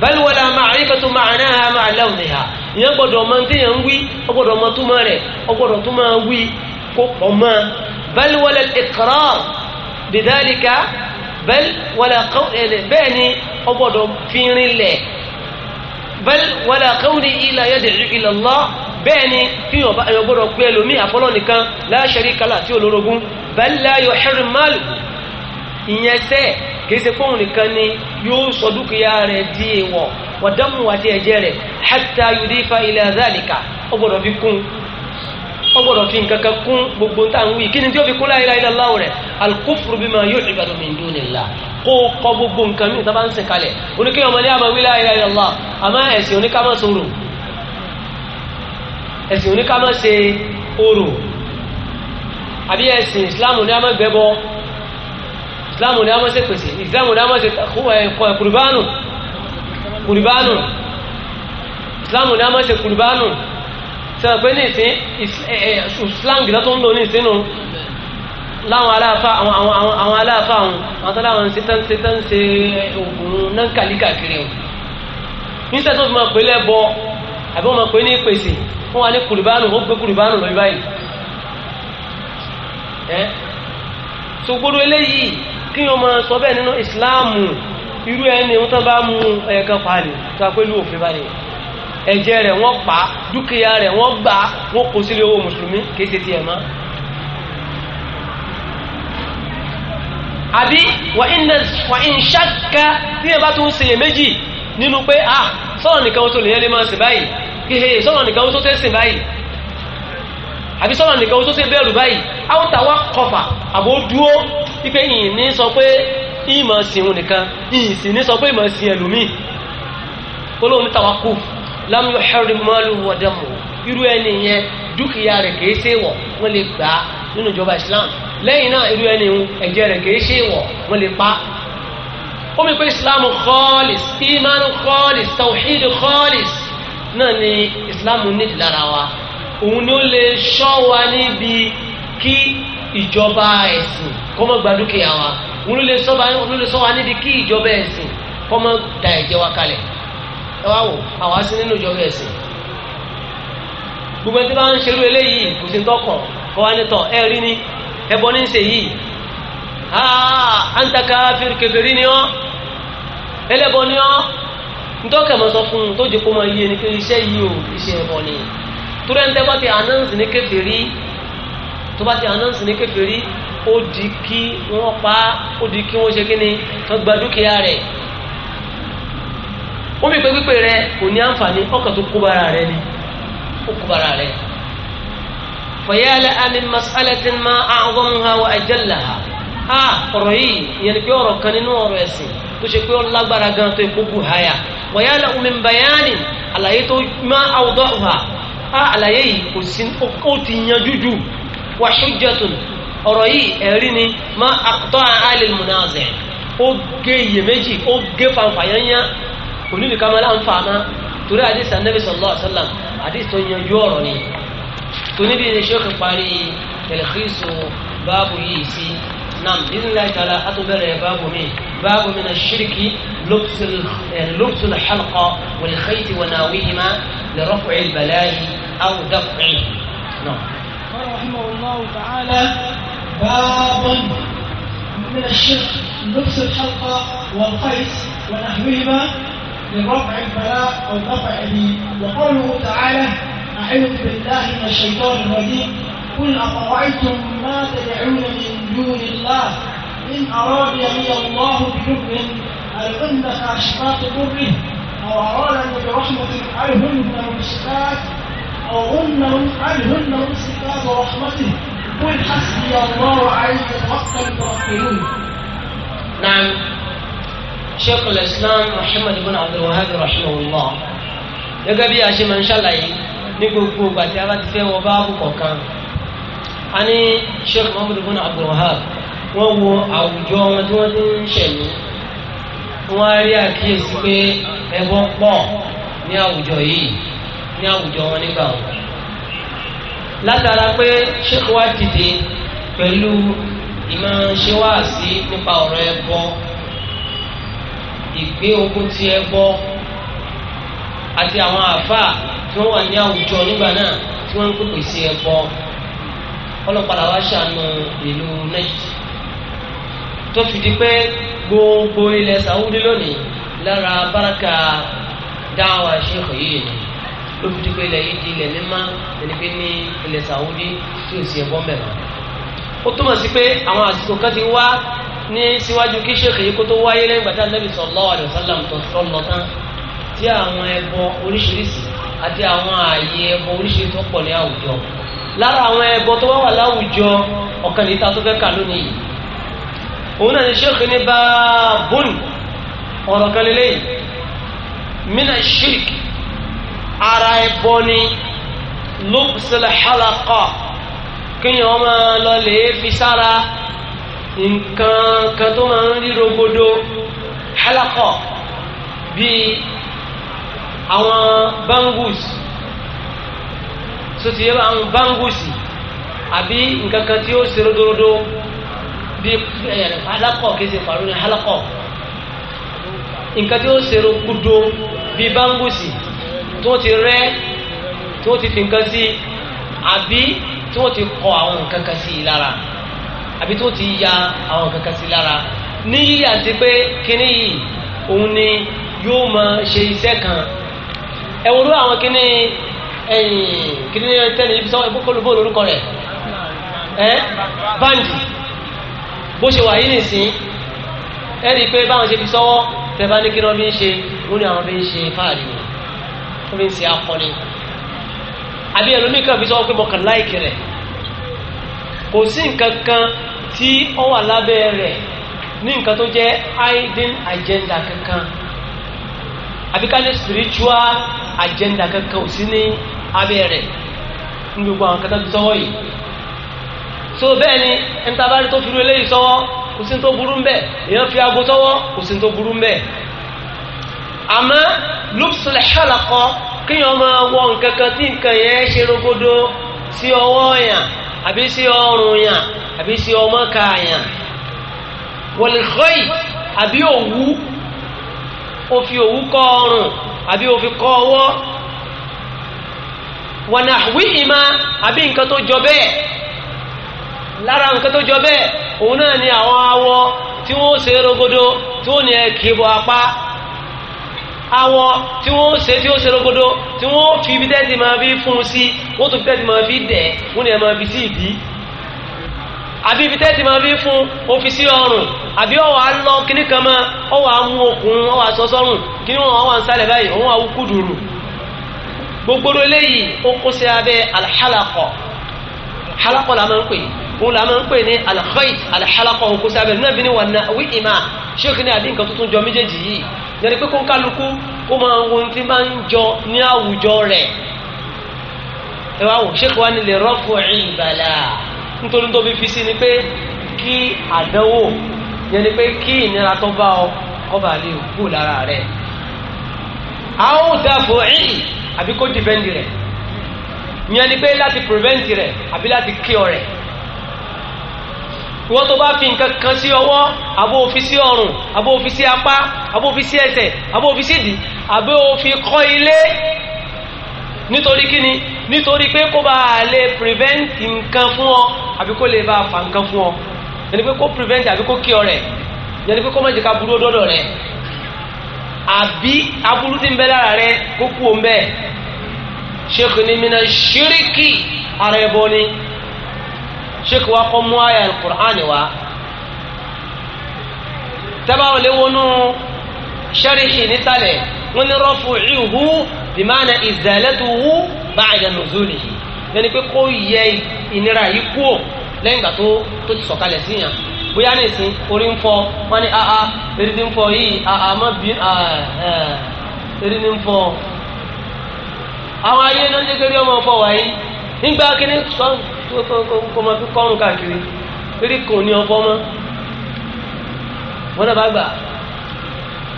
bal wala ma'rifatu ma'naha ma'a lawniha ìyẹn gbọ́dọ̀ ọmọ tí yẹn ń wí ọgbọ́dọ̀ ọmọ túmọ̀ rẹ̀ ọgbọ́dọ̀ tó máa wí kó pọ̀ mọ́ bal wala al-iqrar bi dhalika bal wala eh, bẹ́ẹ̀ ni ọgbọ́dọ̀ fínrin lẹ̀ bal wala qawli ila yad'u ila Allah bẹ́ẹ̀ ni kí ọgbọ́dọ̀ pé ẹlòmíì àfọlọ́ nìkan la sharika lahu tí olórogún bal la yuharrim ìyẹn sẹ́ kìí ṣe fóun nìkan ni yóò sọ dúkìá rẹ̀ di èèwọ̀ wọ̀dánmù àti ẹ̀jẹ̀ rẹ̀ hatta yudifa ila zalika ó gbọ́dọ̀ fi kún ó gbọ́dọ̀ fi nǹkan kan kún gbogbo táwọn wí kí ni tí ó fi kún la ilaha illallah rẹ̀ al-kufru bima yu'badu min dunillah kó kọ gbogbo nǹkan mi sábà ń sìn kalẹ̀ oníkéyàn ọmọdé àmọ́ wí la ilaha illallah àmọ́ ẹ̀sìn oníkàmọ́ sọ̀rọ̀ ẹ̀sìn oníkàmọ́ ṣe orò àbí ẹ̀sìn Islam ní àmọ́ gbẹ́bọ́ islam ní a máa ṣe pèsè islam ní a máa ṣe kùrìbánù kùrìbánù islam ní a máa ṣe kùrìbánù sọ̀rọ̀ pé ní ìsìn islam gìdá tó ń lò ní ìsìn nù láwọn aláàfà àwọn aláàfà àwọn àwọn tọ́láwọn ṣetán ṣetán ṣe ògùn náà kàlíkàkiri níṣẹ́ tó fi máa pè lẹ́bọ àbí wọ́n máa pè ní ìpèsè fún wa ní kùrìbánù ó gbé kùrìbánù lórí báyìí ẹ́ so gbọ́dọ̀ eléyìí kí wọ́n máa sọ bẹ́ẹ̀ nínú ìsìláàmù irú ẹni wọ́n tán bá mú ẹ̀ẹ̀kan pa nì tó apẹ́lú òfin báyìí ẹ̀jẹ̀ rẹ̀ wọ́n pa dúkìá rẹ̀ wọ́n gbà wọ́n kó sílé owó mùsùlùmí kéde tiẹ̀ mọ́. àbí wà ń ṣàkà tí ẹ bá tún ṣèyẹ méjì nínú pé à sọ̀rọ̀ nìkan oṣù lèyẹn lè máa sìn báyìí hehe sọ̀rọ̀ nìkan oṣù tó sìn báyìí àbí sọ̀rọ̀ nìkan oṣù tó sìn bẹ́ẹ̀rù báyìí áwùtà wá kọfà àbò dúó wípé ìyìn ní sọ pé ìmọ̀ sìnwó nìkan ìyìn sì ní sọ pé ìmọ̀ sìn ẹlòmíì olóhùn níta wá kú lam yuharrim maluhu wa damuhu irú ẹni yẹn dúkìá rẹ̀ kìí ṣe wọ̀ wọ́n lè gbà á nínú ìjọba Islam lẹ́yìn náà irú ẹni ẹ̀jẹ̀ rẹ̀ kìí ṣe wọ̀ wọ́n lè pa á pé islam khalis iman khalis tawhid khalis náà ni islam nídìí lára wa òun ni ó lè ṣọ́ wa níbi kí ìjọba ẹ̀sìn kọ́ mọ́ gba dúkìá wa wọn ló lè sọ wa wọn ló lè sọ wa níbi kí ìjọba ẹ̀sìn kọ́ mọ́ da ẹ̀jẹ̀ wa kalẹ̀ ẹ wá wò àwa sí nínú ìjọba ẹ̀sìn gbogbo ẹni tí bá ń ṣerú eléyìí kò sí tọkàn kọ́ wa ní tọ̀ ẹ rí ni ẹ bọ́ ní ń ṣe yìí aa antaka firikebiri ni ọ́ ẹlẹ́bọ ni ọ́ ntọ́kẹ̀ mọ́ sọ fún un tó jẹ́ kó máa yé ni pé iṣẹ́ yìí o iṣẹ́ ẹ̀bọ ni torí ẹni tẹ́ bá ti announce ní kèfèrí tó bá ti anọ́ǹsì ní kèfèrí ó di kí wọ́n pa ó di kí wọ́n ṣe kí ni tó gba dúkìá rẹ̀ ó mi pé pípé rẹ kò ní àǹfààní ọkàn tó kó bara rẹ ni ó kó bara rẹ. fọyẹ́lẹ́ àmì masalatin ma a'zamuha wa ajallaha a ọ̀rọ̀ yìí ìyẹn pé ọ̀rọ̀ kan nínú ọ̀rọ̀ ẹ̀sìn tó ṣe pé ó lágbára gan tó epo bù háyà wọ̀yálà omi bayani àlàyé tó má àwùdọ́ ọ̀hà a àlàyé yìí kò sí ó ti yanjú jù wa hujjatun ọ̀rọ̀ yìí ẹ̀rí ni ma àtọ́ àálẹ̀ múnáàzẹ̀ ó gé iyèméjì ó gé fanfà yányá kò nílùú ká máa láǹfà máa torí àdìsí anábì sallallahu alaihi wasallam àdìsí tó yanjú ọ̀rọ̀ ni رحمه الله تعالى باب من الشرك لبس الحلقة والقيس ونحوهما لرفع البلاء أو دفع به وقوله تعالى أعوذ بالله من الشيطان الرجيم قل أفرأيتم ما تدعون من دون الله إن أراد لي الله بكفر ألقن كاشفات بره أو أرادني برحمة هن المشركات أغنهم عنهن استقام رحمته قل حسبي الله عليه حق المتوكلون نعم شيخ الإسلام محمد بن عبد الوهاب رحمه الله gẹ́gẹ́ bí a ṣe máa ń ṣàlàyé ní gbogbo ìgbà tí a bá ti fẹ́ wọ báàbù kọ̀ọ̀kan a ní sheikh muhammad bin abdulwahab wọ́n wo àwùjọ wọn tí wọ́n ti ń ṣẹ̀mí wọ́n á rí àkíyèsí pé ẹbọ pọ̀ ní àwùjọ yìí ní àwùjọ wọn nígbà wọn. látara pé ṣéèkì wá dìde pẹ̀lú ìmọ̀ ṣe wá sí nípa ọ̀rọ̀ ẹbọ ìgbé ogun ti ẹbọ àti àwọn àfáà tí wọ́n wà ní àwùjọ nígbà náà tí wọ́n ń pèpè sí ẹbọ ọlọ́padà wá ṣàánú ìlú nẹ́ẹ̀tì tó fi di pé gbogbo ilẹ̀ Saudi lónìí lára báràkà dáwà ṣèkò yìí ni ló fi di pé ilẹ̀ yìí di ilẹ̀ mímá ẹni pé ní ilẹ̀ Saudi tí ò sí ẹ̀bọ́ mẹ́rin. ó túmọ̀ sí pé àwọn àsìkò kan ti wá ní síwájú kí sèkè yìí kó tó wáyé lẹ́yìn gbàtà Nabi sallallahu alaihi wasallam tó tọ́ lọ tán tí àwọn ẹbọ oríṣiríṣi àti àwọn ààyè ẹbọ oríṣiríṣi pọ̀ ní àwùjọ lára àwọn ẹbọ tó wá wà láwùjọ ọ̀kan lè tó fẹ́ kà lónìí òun náà ni sèkè ní báàbùn ọ̀rọ̀ kan lélẹ́yìn mina shirk ara ẹbọ ni lóbùsílẹ̀ hálàkọ̀ kínyìn ọmọ lọ lè fi sára nǹkan kan tó máa ń ríro bangus ti bangusi àbí nǹkan kan tí ó ṣe ródóródó bi hálàkọ̀ nka ti o sero bi bangusi. tí wọ́n ti rẹ́ tí wọ́n ti fi nǹkan sí àbí tí wọ́n ti kọ àwọn nǹkan kan sí i lára àbí tí wọ́n ti ya àwọn nǹkan kan sí i lára ní yíyà sí pé kíní yìí òun ni yóò máa ṣe iṣẹ́ kan ẹ̀wọ̀n ló àwọn kíní ẹ̀yìn kíní tẹ́lẹ̀ ibi sọ́wọ́ ìbókòlù bóòlù orúkọ rẹ̀ ẹ́ báńdì bó ṣe wà yí nìsín ẹ́ rí i pé báwọn ṣe fi sọ́wọ́ tẹ́ bá ní kí wọ́n fi ń ṣe wọ́n ní àwọn fi ń ṣe fáàlì yìí ó fi ń ṣe akọni àbí ẹlòmíì kan fi sọ pé mo kàn láìkì rẹ̀ kò sí nǹkan kan tí ó wà lábẹ́ rẹ̀ ní nǹkan tó jẹ́ hidden agenda kankan àbí ká ní spiritual agenda kankan ò sí ní abẹ́ rẹ̀ ní gbogbo àwọn kankan tó sọ́wọ́ yìí so bẹ́ẹ̀ ni ẹni tá a bá rí tó fi ru eléyìí sọ́wọ́ kò sí tó burú ń bẹ̀ èèyàn fi aago sọ́wọ́ kò sí tó burú ń bẹ̀ àmọ́ lópsìlẹ̀ ṣàlàkọ́ kíyàn máa wọ nǹkan kan tí nǹkan yẹn ṣe rogodo sí ọwọ́ yàn àbí sí ọrùn yàn àbí sí ọmọ kààyàn wọ̀lẹ̀kọ́ì àbí òwú o fi òwú kọ́ ọrùn àbí o fi kọ́ ọwọ́ wọ̀nà wíìmá àbí nǹkan tó jọ bẹ́ẹ̀ lára nǹkan tó jọ bẹ́ẹ̀ òun náà ni àwọn awọ tí wọ́n ṣe rogodo tí wọ́n ní ẹ kì apá awọ tí wọ́n ṣe tí ó ṣe lógodo tí wọ́n fi ibi tẹ́sí máa fi fún un sí wọ́n tó fi tẹ́sí máa fi dẹ̀ wọ́n ní ẹ̀ máa fi sí ìdí àbí ibi tẹ́sí máa fi fún ọ́fíìsì ọrùn àbí ọwọ́ lọ kíní kan mọ́ ọwọ́ mú okùn ọwọ́ á kíní wọn ọwọ́ ń sálẹ̀ báyìí òun la máa la máa ń pè ní alkhait alhalakọ òkú sábẹ nínú ẹbí ni wà ná wí ìmá yẹni pé kónkálukú kó máa ń wo ohun tí máa ń jọ ní àwùjọ rẹ̀ ẹ wá wò ṣéèkì wá nílẹ̀ rọ́pò ìbàlà nítorí tó fi fi sí ni pé kí àdánwò yẹni pé kí ìnira tó bá ọ kọ́ba lè kú lára rẹ̀ àwọn òdàfọ̀ ẹ̀yìn àbí kó dìbẹ́ndì rẹ̀ yẹni pé láti prevent rẹ̀ àbí láti cure rẹ̀ ìwọ́n tó bá fi nǹkan kan sí ọwọ́ àbó òfi sí ọrùn àbó òfi sí apá àbó òfi sí ẹsẹ̀ àbó òfi sí ìdí àbó òfi kọ́ ilé nítorí kíni nítorí pé kó bá lè prevent nǹkan fún ọ àbí kó lè bá fa nǹkan fún ọ yẹni pé kó prevent àbí kó kí ọ rẹ yẹni pé kó má jẹ́ ká burú ọdọ́dọ̀ rẹ àbí aburú ti ń bẹ lára rẹ kó kú òun bẹ́ẹ̀ ṣe kìnnìmínà ṣíríkì ara ẹbọ ni sheikh wa kọ́ mú àyà alukur'an wa tabawo lè wọnú sharixi nítalẹ̀ wọ́n ní rọ́fù ìhù bìmánà ìzàlẹ́tuhu báyìí nùzúlì yẹn ni pé kó yẹ ìnira yìí kú lẹ́yìn ìgbà tó tó ti sọ̀kalẹ̀ sí yàn bóyá ní ìsìn orí ń fọ́ wọ́n ní aa eré ń fọ́ yìí aa mọ́ bí eré ti ń fọ́ àwọn ayé náà ń jẹ́ kéré ọmọ fọ́ wáyé nígbà kíní sọ́ọ́ kó máa fi kọ́rùn káàkiri rí kò ní ọbọ mọ́ wọ́n dábàá gbà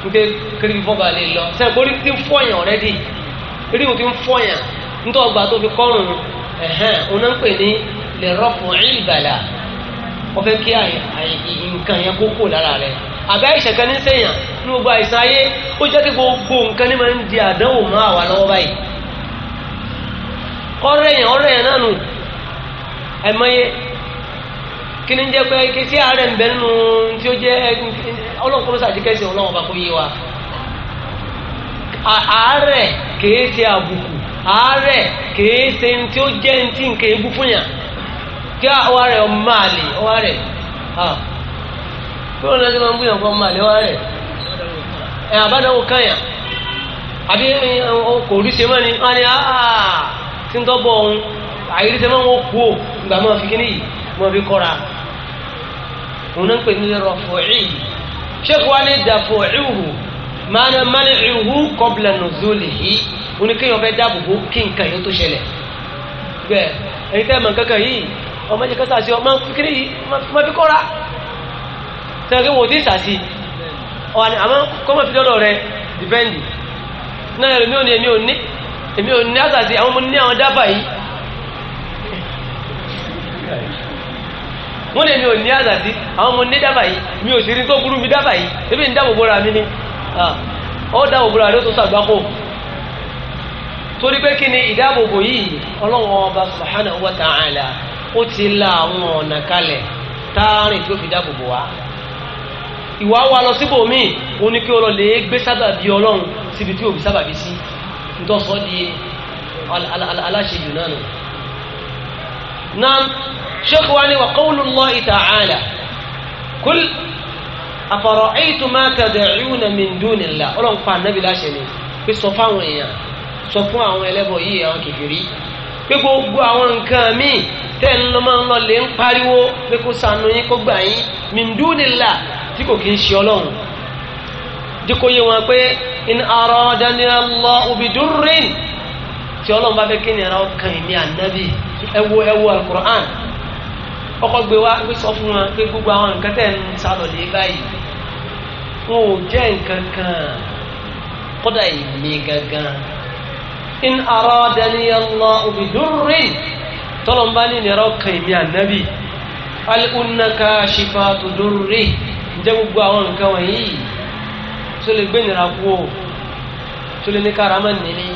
nígbà kiri fífọ́ bá lè lọ sẹ́yìn kó rí ti ń fọyàn ọ̀rẹ́dì rí òun ti ń fọyàn nítorí ọgbà tó fi kọ́rùn ẹ̀hẹ́n oná ń pè ní lè rọ́pò ìbàlà wọ́n fẹ́ kí nǹkan yẹn kó kò lára rẹ̀ àbẹ́ ìṣẹ̀kẹ́ ní sẹ́yìn ní gbogbo àìsàn ayé ó jẹ́ kí gbogbo nǹkan ní máa ń di àdánwò mọ́ àwa lọ́wọ́ báyìí ọ̀rẹ́ yẹn ọ̀rẹ́ yẹn náà nù ẹ̀mọ́yé kí ni jẹ́ pé kí ààrẹ ǹbẹ̀ tí ó jẹ́ ọlọ́kùnrin sàdíkẹ́sì ọlọ́wọ́n bá kó yé wa ààrẹ kìí ṣe àbùkù ààrẹ kìí ṣe tí ó jẹ́ tí nǹkan ebú fún yàn kí ọwọ́ rẹ̀ ọmọ àlè ọwọ́ rẹ̀ bí wọ́n lọ́jọ́ máa ń gbìyànjú ọmọ àlè àbí ṣe ni wọ́n á ń tọ́ bọ̀ ọ̀hún àyírí tẹ́ máa ń kú ò ìgbà máa fi kíní yìí máa fi kọ́ra òun náà ń pè ní rọ̀fọ̀ì ṣéèkù wa ní dàfọ̀ìhù máa ní máa ní ìhù kọ́bìlà nùzúlì yìí òun ni kéèyàn fẹ́ dáàbò bò kí nǹkan yóò tó ṣẹlẹ̀ bẹ́ẹ̀ ẹni tẹ́ mọ̀ kankan yìí ọmọ jẹ́ kásá sí ọ máa fi kíní yìí máa fi kọ́ra tẹ́lẹ̀ wò dín sàsí ọ̀hà ni àmọ́ kọ́mọ̀ fi dọ́dọ̀ rẹ dìbẹ́ndì náà ẹ̀rọ mi ò ní èmi ò ní àsàsí àwọn ní wọ́n lè ní òní àzàdí àwọn ọmọ ní dábàá yìí mi ò sì rí tó burú mi dábàá yìí ebi ń dáàbò bora mi ni ọ dáàbò bora rẹ tó sàgbákò torí pé kí ni ìdáàbòbò yìí ọlọ́run ọba subhanahu wa ta'ala ó ti la àwọn ọ̀nà kalẹ̀ táàrin tí ó fi dáàbòbò wa ìwà wa lọ síbò míì ó ní kí ó lọ lè gbé sábàbí ọlọ́run síbi tí òbí sábàbí sí ń tọ́sọ́ di aláṣejù náà nù. نعم شيخ واني وقول الله تعالى كل أفرأيت ما تدعون من دون الله أولاً فعن نبي لا شيء في صفان وإياه صفان وإلبو إيه أو كفري pé gbogbo àwọn nǹkan míì tẹ́ ń lọ máa ń lọ lè ń pariwo pé kó sànú yín kó gbà yín mindúnilà tí kò kí ń ṣe ọlọ́run díkò yé wọn pé in aradani Allahu bidurrin tí ọlọ́run bá fẹ́ kí nìyàrá ọkàn ìní ànábì ẹwọ ẹwọ alukur'an ọkọ̀ gbé wá pé sọ fún wọn pé gbogbo àwọn nǹkan tẹ̀ ń sálọ̀dé báyìí wọn ò jẹ́ nǹkan kan kódà ìní gangan in aradaniyanlọ obìdúrín tọ́lọ́n bá ní nìyàrá ọkàn ìní ànábì alùnàkà ṣìfà tòdúrí ǹjẹ́ gbogbo àwọn nǹkan wọ̀nyí tó lè gbé nìyàrá kú o tó lè ní káràmà nìyí.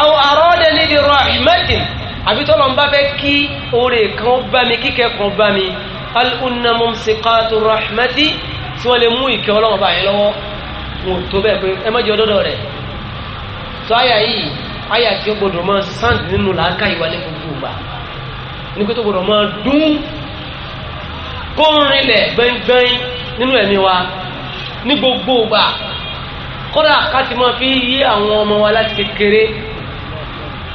àwọn àrọ́ọ̀dẹ lédi rahmatin àbí tọ́lọ̀ ń bá fẹ́ kí oore kan ó bá mi kíkẹ́ kan bá mi al-unnamumsikatu rahmati tí wọ́n lè mú ìkẹ́ ọlọ́wọ́ bá yẹn lọ́wọ́ wọn ò tó bẹ́ẹ̀ pé ẹ má jẹ́ ọdọ́dọ̀ rẹ̀ nínú ẹ̀mí wa ní gbogbo ìgbà kódà ká máa fi yí àwọn ọmọ wa láti kékeré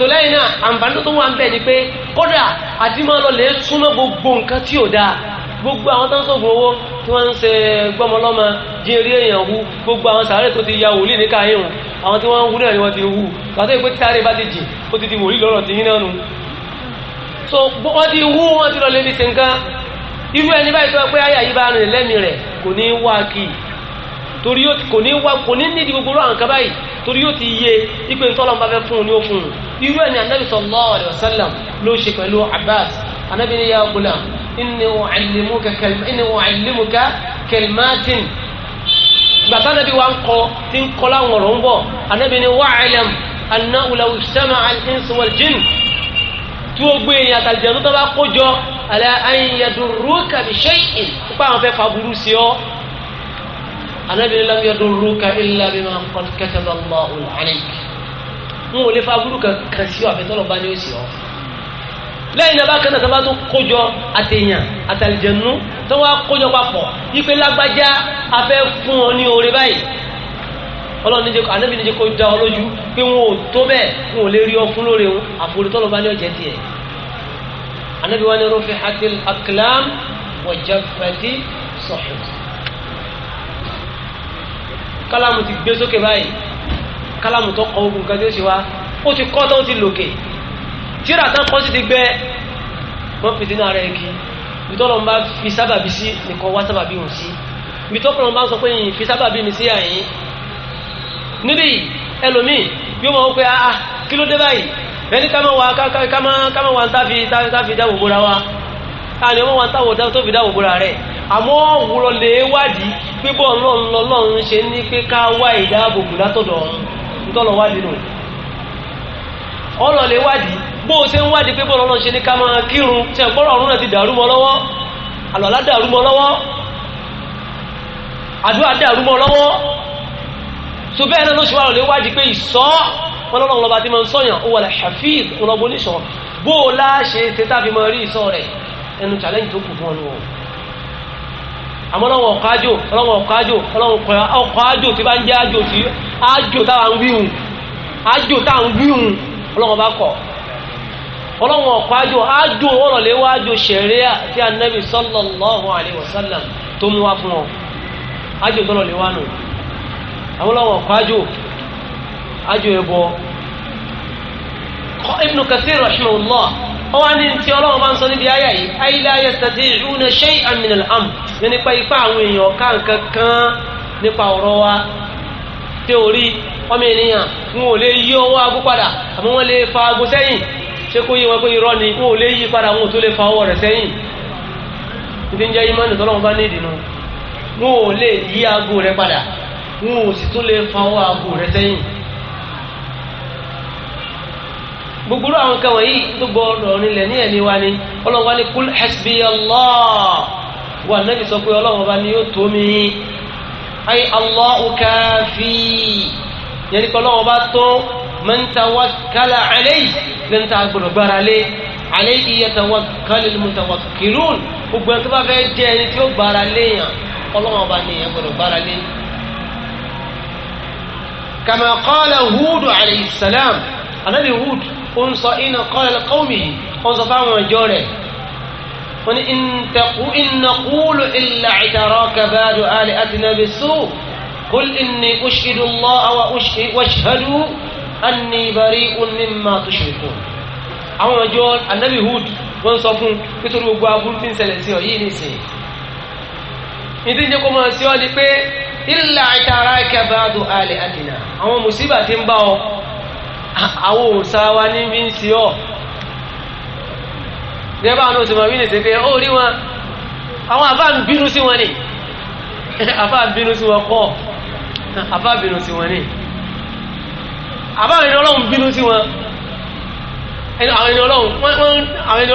so lẹ́yìn náà àǹfààní tó tó wà ń bẹ̀ ni pé kódà àti máa lọ lè súnmọ́ gbogbo nǹkan tí ò dáa gbogbo àwọn tó ń sọ̀gùn owó tí wọ́n ń ṣe gbọ́mọlọ́mọ jí eré èèyàn hu gbogbo àwọn sàárè tó ti ya wòlíì ní káyìn àwọn tí wọ́n ń hu náà ni wọ́n ti hu pàtó ìpè táré bá ti jì ó ti di wòlíì lọ́rọ̀ ti yín náà nu so wọ́n ti hu wọ́n ti lọ lè fi irú ẹni báyìí tó wá pé àyà yìí bá lẹ́mìí rẹ̀ kò ní wá kì torí yóò kò ní wá kò ní nídìí gbogbo àwọn kaba yìí torí yóò ti yé ipe ntọ́lọ́ bá fẹ́ fún un ní ó fún un irú ẹ̀ ní anabi sallallahu alayhi wa sallam ló ṣe pẹ̀lú abbas anabi ni ya gulam inni u'allimuka inni u'allimuka kalimatin gbàtà anabi wa ń kọ tí ń kọ́ láwọn ọ̀rọ̀ ń bọ̀ anabi ni wa'lam annahu law ijtama'a tí ó gbé èèyàn àtàlìjẹ̀nu tó bá kó jọ ala an yadurruka anábìrin lam yadurruka illa bima qad kataba Allahu alayk n ò lè fa burú kankan sí ọ àfẹtọ́lọ́ bá ní ó sì ọ lẹ́yìn náà bákan náà tó bá tó kójọ àtẹ̀yàn àtàlìjẹ̀nu tó wá kójọ papọ̀ ipe lágbájá afẹ́ fún ọ ní oore báyìí ọlọ́run níjẹ́ ànábì níjẹ́ kó dá ọ lójú pé wọn ò tó bẹ́ẹ̀ wọn lè rí ọ fún lóore wọn àforí tọ́lọ́ bá ní ọ̀jẹ̀ tiẹ̀ ànábì wa ní rufihatil aklam wa jaffati suhuf kálámù ti gbé sókè báyìí kálámù tó kọ ogun kan tí ó ṣe wá ó ti kọ́ tó ti lòkè tíra tán kọ́ sí ti gbẹ wọ́n fi sínú ara igi bitọ́lọ̀ ń bá fi sábàbí sí nìkan wá sábàbí òun sí bitọ́kùnrin bá sọ pé yìí fi sábàbí mi sí àyín níbí ẹlòmíì yóò mọ̀ pé ah, ah kí ló dé báyìí ẹni ká máa wà ká máa wà ń táfi táfi dáwò bóra wa àlè wọn wà táwọn ọ̀dà tó fi dáwọ̀ bóra rẹ̀ àmọ́ òwúrọ̀ lè wádìí pé bọ́ọ̀ lọ́ọ̀lọ́ọ̀lọ́ọ̀ ṣe ní pé ká wá ìdáàbòbò látọ̀dọ̀ ọ̀hún ntọ́lọ̀ wádìí nù ọ̀rọ̀ lè wádìí bó o ṣe ń wádìí pé bọ́ọ̀lọ́ ṣe ní ká máa kírun tí ẹ̀gbọ́rọ̀ ọ̀run náà ti dàrú mọ́ lọ́wọ́ àlọ́lá dàrú mọ́ lọ́wọ́ àdúrà dàrú mọ́ lọ́wọ́ tó bẹ́ẹ̀ náà ló ṣe wá lè wádìí pé ìsọ́ ọlọ́run lọ́ba ti máa ń sọ̀yàn ẹnu challenge tó kù fún ọ nù ọ àmọ́ ọlọ́wọ́ ọ̀kọ́ ájò ọlọ́wọ́ ọ̀kọ́ ájò ọlọ́wọ́ ọkọ̀ ájò tí bá ń jẹ́ ájò tí ájò táwa ń wíhùn ájò táwa ń wíhùn ọlọ́wọ́ bá kọ̀ ọlọ́wọ́ ọ̀kọ́ ájò ájò ọlọ́lẹ́wọ́ ájò ṣẹ̀ríà tí anábì sallallahu alaihi wasallam tó mú wá fún ọ ájò tọ́lọ̀lẹ́wọ́ nù àwọn ọlọ́wọ́ ọ̀kọ́ ájò ájò ẹbọ ibnu kathir rahimahullah wọ́n wá ní tí ọlọ́run bá ń sọ níbi ayá yìí ayílá ayé tàbí ìrúnà ṣe àmìnà àm ní nípa ipá àwọn èèyàn káàkan kan nípa ọ̀rọ̀ wa tí ó rí ọmọ ènìyàn wọn ò lè yí ọwọ́ agbó padà àmọ́ wọ́n lè fa agbó sẹ́yìn ṣé kó yí wọn pé irọ́ ni wọn ò lè yí padà wọn ò tó lè fa ọwọ́ rẹ̀ sẹ́yìn ìdí ń jẹ́ ìmọ̀nì tọ́lọ́run bá ní ìdìnnà wọn ò lè yí agbó rẹ̀ padà wọn ò sì tó lè fa ọwọ́ agbó rẹ̀ sẹ́yìn gbogbo àwọn nǹkan wọ̀nyí tó gbọ́dọ̀ nílẹ̀ ní ẹ̀mí wa ni ọlọ́run wa ni kul hasbi allah wa nabi sọ pé ọlọ́run ọba ni yóò tó mi ayi allahu kafi yẹn ni pé ọlọ́run ọba tó man tawakkala alayhi lẹ́nu tá a gbára lé alayhi yatawakkalu almutawakkilun gbogbo ẹni tó bá fẹ́ jẹ́ ẹni tí ó gbára léèyàn ọlọ́run ọba ni èèyàn gbọ́dọ̀ gbára lé kama qala hudu alayhi salam anabi hudu ó ń sọ iná kọ́lẹ̀ kọ́ọ̀mì yìí ó ń sọ fáwọn ọjọ́ rẹ̀ ó ní ìntẹ̀kù iná kúlù ilà ìtàrọ̀ kẹbàdù àlẹ́ àtìnàbí sù kúl ìní uṣìdù lọ àwọn wàṣíhádù àní ìbárí onímọ̀ tó ṣèkó. àwọn ọjọ́ anabi Hud wọ́n sọ fún nítorí gbogbo abúlé ní ìṣẹ̀lẹ̀ sí ọ yìí nìsín. ìdí ìjẹ́ kó máa ṣe ni pé ilà ìtàrọ̀ kẹbàdù àlẹ́ àtìnà àwọn mùsíbà ti ń bá ọ àwọn òòsà wa ní bí ń ṣe ọ́ gẹ́gẹ́ bá àwọn òṣèlú wílé ṣe pé ó rí wọn àwọn àbá ń bínú sí wọn ni àbá ń bínú sí wọn kọ́ àbá bínú sí wọn ni àbá àwọn ènìyàn ọlọ́run bínú sí wọn àwọn ènìyàn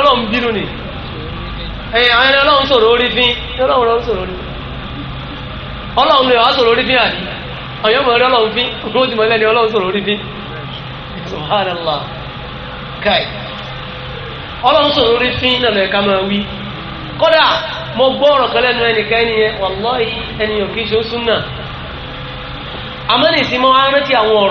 ọlọ́run bínú ni àwọn ènìyàn ọlọ́run sọ̀rọ̀ orí fín ọlọ́run lè wá sọ̀rọ̀ orí fín àti ọ̀yọ́mọ̀ ọlọ́run fín ọlọ́run sọ̀rọ̀ orí fín subhanallah kai ọlọ́run sọ̀rọ̀ orí fín náà lẹ́ka máa wí kódà mo gbọ́ ọ̀rọ̀ kan lẹ́nu ẹnìkan ẹni yẹn wàláhì ẹni ò kì í ṣe súnà àmọ́ ní ìsinmi wọn á rántí àwọn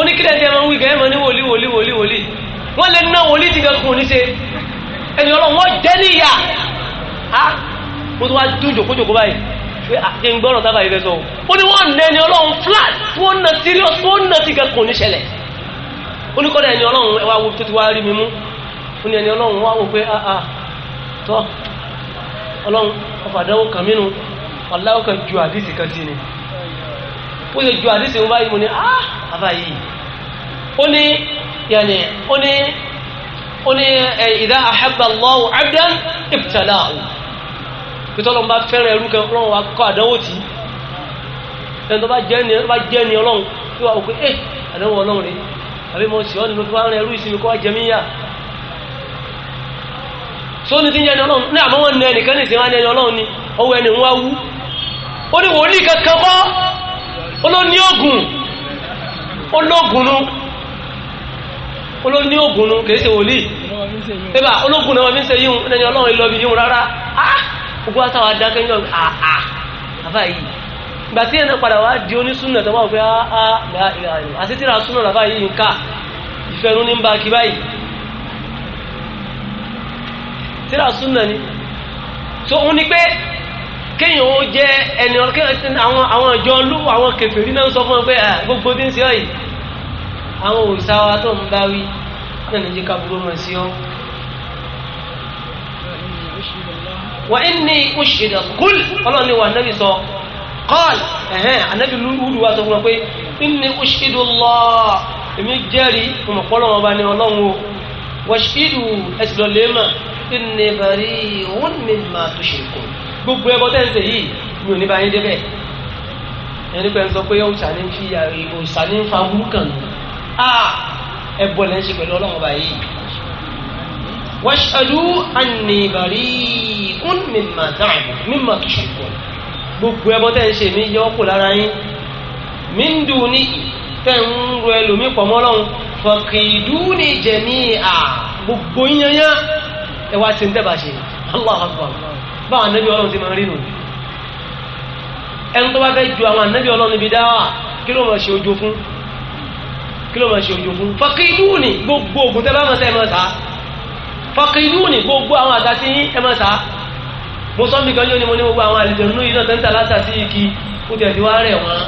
oníkílẹ̀ tí a máa ń wí gẹ́gẹ́ ní wòlí wòlí wòlí wòlí wọ́n lè ti ní ṣe ẹni ọlọ́run wọ́n jẹ́ níyà á mo tún wá dún jòkójòkó báyìí pé ń ah, gbọ́ràn sábà ìfẹ́ sọ ó flat na serious wọ́n na ti gẹ̀kùn ní ṣẹlẹ̀ ó ẹni ọlọ́run wo tó ti wá rí mi mú ó ní ẹni ọlọ́run wá wò pé ah, ah, ó yẹ ju àdìsí wọn báyìí mo ní ah bàbá yìí ó ní yàní ó ní ó ní ẹ ìdá ahabba Allahu abdan ibtalahu pítọ́lọ́ bá fẹ́ràn ẹrú kan ọlọ́run wa kọ́ àdánwò tì í ẹni tó bá jẹ́ ni ọlọ́run tó wà ó pé ẹ eh, àdánwò ọlọ́run rèé àbí mo sì ọ́ nínú fún àárín ẹrú ìsinmi kọ́ jẹmíyà tó ní tí ń jẹ́ ẹni ọlọ́run ní àmọ́ wọn ní ẹnìkan ní ìsinmi ẹni ọlọ́run ni ọwọ́ ẹni wọn wú ó ní wòlíì kankan kọ́ olóní ogun ológunú olóní ogunú kìí ṣe wòlíì eba ológun náà wọn fi ń ṣe yíhun ẹni ọlọ́run ìlọ bí rárá ah gbogbo àtàwọn adákẹ́yìn ọ̀gbìn ah ah bàbá yìí ìgbà tí ẹ̀nà padà wá di onísúnà tó wọ́n pé ah àṣetíra súnà bàbá yìí ń ká ìfẹ́nu ní ń bá kí báyìí tíra súnà ni so òun ni pé kéèyàn ó jẹ́ ẹni ọ̀rọ̀ kéèyàn àwọn àwọn ìjọ olówó àwọn kèfèrí náà sọ fún ọ pé gbogbo tí ń ṣe ọ yìí àwọn òrìṣà wa tó ń bá wí náà ní jíkà burú mọ̀ sí ọ. wà á ní oṣìṣẹ́ kúl ọlọ́run ni wà nábì sọ kọ́ọ̀l ẹ̀hẹ́n ànábì lúlù wa sọ fún ọ pé ní oṣìṣẹ́ lọ èmi jẹ́rìí ọmọkọ́lọ́ wọn bá ní ọlọ́run o wọ́n ṣídùú ẹ̀sìn lọ́lẹ́mà ní bàrí òun ni màá tó ṣe kù gbogbo ẹbọ tẹ́ ń ṣe yìí mi ò ní bá yín débẹ̀ ẹni pẹ́ ń sọ pé òòṣà ní fi òòṣà ní fa burú kàn ní a ẹbọ lẹ́ ń ṣe pẹ̀lú ọlọ́run ọba yìí. washhadu anni bari'un mimma ta'bud mimma tushrikun gbogbo ẹbọ tẹ́ ń ṣe mí yọ kó lára yín min duni tẹ́ ń ro ẹlòmíì pọ̀ mọ́ ọlọ́run fakiduni jami'a gbogbo yín yẹn ẹ wá ti ń tẹ́ bá ṣe báwọn anabi ọlọ́run ti máa rí nù ẹni tó bá fẹ́ ju àwọn anabi ọlọ́run níbi dáwà kí ló máa ṣe ojú fún kí ló máa ṣe ojú fún fakidúùnì gbogbo ògùn tẹ́ bá máa sẹ́ ẹ máa sá fakidúùnì gbogbo àwọn àṣà tí ẹ máa sá mo sọ́nbi kan yóò ní mo ní gbogbo àwọn àlejò nínú yìí náà tẹ́ńtà látàsí igi ó tẹ̀ sí wá rẹ̀ wọ́n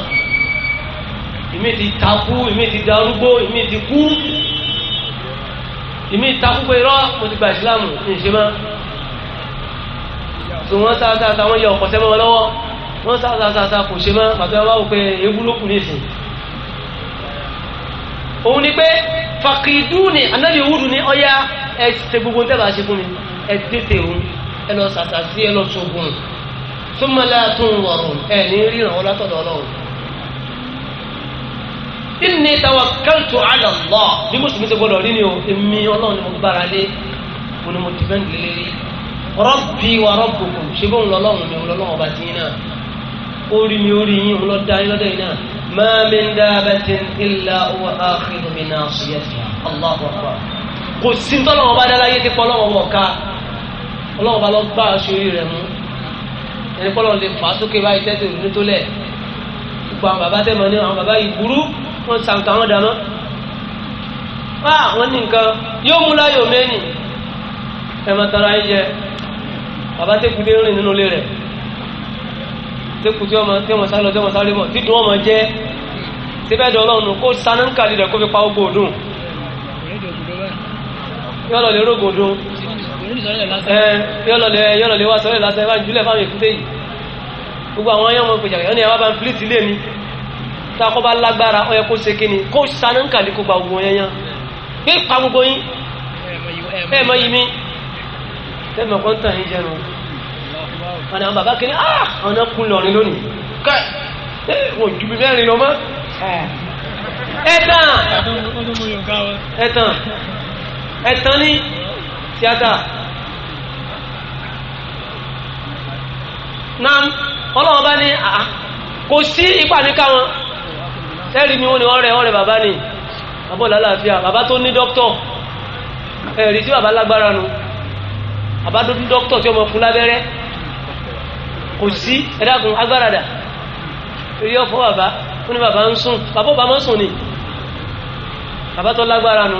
ìmí ti takú ìmí ti darúgbó ìmí ti kú ìmí takú pé irọ́ mo ti gba ìsìlámù ní ìṣe máa tó wọ́n sá sá sá wọ́n yọ ọ̀pọ̀ sẹ́mọ́ wọn lọ́wọ́ wọ́n sá sá sá sá kò ṣe mọ́ pàtó wọn wá wò pé ewu ló kù nísìn. òun ni pé fàkìdú ni anábì wúdu ni ọ̀yá ẹ ṣe gbogbo tẹ́ bá ṣe fún mi ẹ tètè òun ẹ lọ sàtà sí ẹ lọ sọgùn tó mọ látún wọ̀rùn ẹ ní ríran wọn látọ̀dọ̀ ọlọ́run. inni tawakkaltu ala Allah bí mùsùlùmí ti gbọdọ̀ rí ni o èmi ọlọ́run ni mo gbára lé rọ́bì wa rọ́bùkùn ṣé bóun lọ́lọ́run mi lọ́lọ́run ọba tí náà ó rí mi ó rí yín lọ́ da yín lọ́dọ̀ yín náà ma min dabbatin illa huwa akhidhu bi nasiyatiha Allahu akbar kò sí tọ́lọ́wọ́ bá dá láyé tí pọ́lọ́wọ́ wọ̀ ká ọlọ́wọ́ bá lọ gbá aṣọ orí rẹ̀ mú ẹni pọ́lọ́wọ́ lè fà á sókè báyìí tẹ́tẹ̀ òní tó lẹ̀ gbogbo àwọn bàbá tẹ̀mọ́ ní àwọn bàbá yìí burú wọ́n sàǹtà wọn dáná wọ́n ní nǹkan yóò mú láyò mẹ́ni ẹ̀ mọ̀ tara ẹ̀ jẹ́ bàbá tẹ́kùlé rìn nínú ilé rẹ̀ tẹ́kù tí wọ́n tí wọ́n sáré lọ tí wọ́n sáré bọ̀ tí dùn ọmọ jẹ́ tí bẹ́ẹ̀ dọ̀lọ́ nù kó saná ń kàlí rẹ̀ kó fi pa ogbó òdùn yọ́lọ̀lẹ̀ rógò òdùn yọ́lọ̀lẹ̀ wá sọ́lẹ̀ lásán ẹ̀ bá jùlẹ̀ fáwọn èkúté yìí gbogbo àwọn ayọ́mọ ìpèjà yọ́ni ẹ̀ tẹ́mọ̀ kan tàn yín jẹnu wọn àwọn bàbá kìíní ah àwọn náà kún lọrin lónìí kẹ ẹ wọn ju bí mẹ́rin lọ mọ́ ẹ̀tàn ẹ̀tàn ẹ̀tàn ní tíátà náà ọlọ́wọ́n bá ní àá kò sí ipá ní káwọn ẹ̀rí mi wọ́n ni ọ̀rẹ́ ọ̀rẹ́ bàbá ni bàbá ọ̀làlàáfíà bàbá tó ní dókítọ̀ ẹ̀rí tí bàbá lágbára nu. No àbádọ́dú dókítà tí ọmọ fún lábẹ́rẹ́ kò sí ẹ̀dàkùn agbáradà yọ fọ́ bàbá ó ní bàbá ń sùn bàbá ọba máa ń sùn ni bàbá tó lágbára nu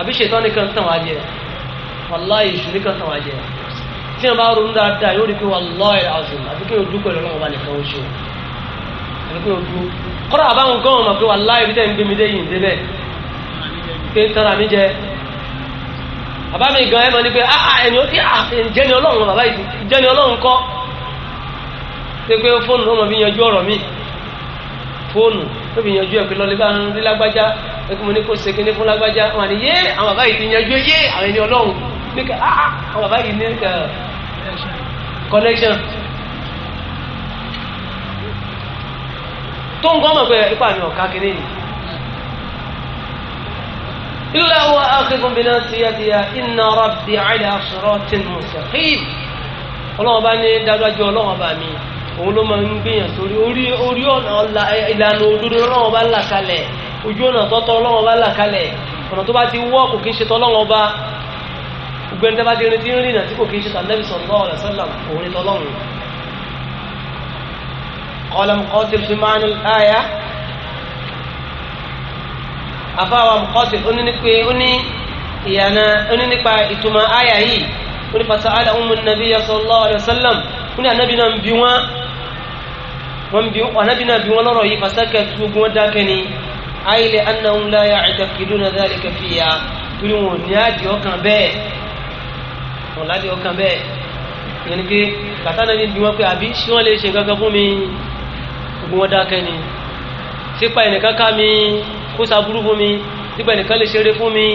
àbí ṣètọ́ nìkan tàn wá jẹ wàláì ìṣù nìkan tàn wá jẹ tí wọn bá ronú dáadáa yóò rí pé wàláì àzùm àbí kí o dúpẹ́ lọ́wọ́ ọba nìkan oṣù àbí kí o dú kọ́ra àbáwọn gan-an mọ̀ pé wàláì bí tẹ̀ ń gbé mi dé yìí ń débẹ̀ kí n tara mi jẹ bàbá mi gan ẹ mọ̀ ní pé ah, ah, ẹni ó ti ah, jẹ́ni ọlọ́run bàbá yìí jẹ́ni ọlọ́run kọ́ ṣe pé fóònù ló mọ̀ fi yanjú ọ̀rọ̀ mi fóònù ló fi yanjú ẹ̀ pé lọ́lẹ́ bá ń rí lágbájá ẹ kí mo ní kó ṣe kíní fún lágbájá wọn ni yé àwọn bàbá yìí ti yanjú yé àwọn ẹni ọlọ́run ní ká àwọn bàbá yìí ní ká uh, connection. tó ń gbọ́ mọ̀ pé ipa mi ọ̀ka kíní yìí إلا هو آخذ بناصيتها إن ربي على صراط مستقيم ọlọ́run bá ní dájọ́ ọlọ́run bá mi òun ló máa ń gbìyàn sórí orí orí ọ̀nà ìlànà òdodo ọlọ́run bá là kalẹ̀ ojú ọ̀nà tọ́tọ́ ọlọ́run bá là kalẹ̀ ọ̀nà tó bá ti wọ́ kò kí ń ṣe tọ́lọ́run bá gbogbo ẹni tó bá ti rìn tí ń rìn àti kò kí ń ṣe tàlẹ́bí sallallahu alaihi wasallam òun ni tọ́lọ́run. قال مقاتل في معنى الآية afáwa mukọ́sí ó ní ní pé ó ní ìyànà ó ní nípa ìtumọ̀ àyà yìí ó ní pàtàkì àlà ọmọ nàbí sallallahu alaihi wasallam ó ní ànábì náà ń bi wọn wọn bi ànábì náà bi wọn lọ́rọ̀ yìí pàṣẹkẹ tí gbogbo wọn dákẹ́ ni àyìnlẹ̀ annahum la ya'taqiduna dhalika fiya torí wọn ò ní àdìẹ ọkàn bẹ́ẹ̀ wọn ládìẹ ọkàn bẹ́ẹ̀ yẹn ni pé kàtàna ni bi wọn pé àbí ṣé wọn lè ṣe kankan fún mi gbogbo wọn dákẹ́ ni sípa ẹnìkan ká mi kó sàbúrú fún mi nígbà nìkan lè ṣeré fún mi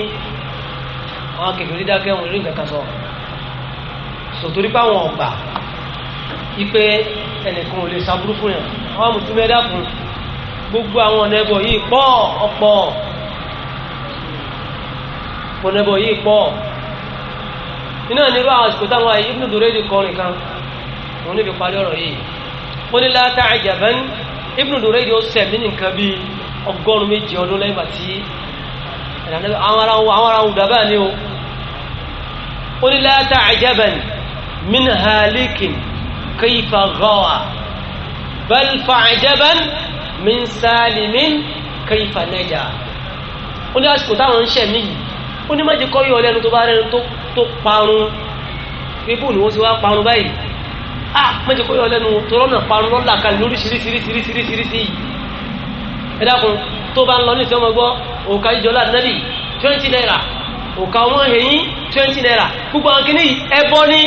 àwọn kékeré dákẹ́ wọn rí nǹkan sọ sòtórí pé ọgbà ipe ẹnìkan ò lè sàbúrú fún yàn àwọn mùtúmẹ́ dákun gbogbo àwọn ọ̀nà ẹbọ yìí pọ̀ ọ̀pọ̀ ọ̀nà ẹbọ yìí pọ̀ iná nírú àwọn àsìkò táwọn ayé Ibn Durayd kọrin kan òun níbi parí ọ̀rọ̀ yìí ó ní la ta'jaban Ibn Durayd ó sẹ̀mí nìkan bíi ọgọ́rùn méje ọdún lẹ́yìn tí àwọn ará ń dàbà ní o ó ní la ta'jaban min halikin kayfa gawa bal fa'jaban min salimin kayfa naja ó ní àsìkò táwọn ń ṣẹ̀ mí yìí ó ní májè kọ́ yọ lẹ́nu tó bá rẹ́nu tó parun pípù ni wọ́n ti wá parun báyìí ah májè kọ́ yọ lẹ́nu tó rọ́nà parun lọ́là kan lóríṣiríṣiríṣiríṣiríṣiríṣi yìí ẹ dákun tó bá ń lọ nísìnyí ọmọ gbọ́ òkà ìjọlá nẹ́bì twenty naira òkà ọmọ ẹ̀yìn twenty naira gbogbo àwọn kìíní ẹbọ ní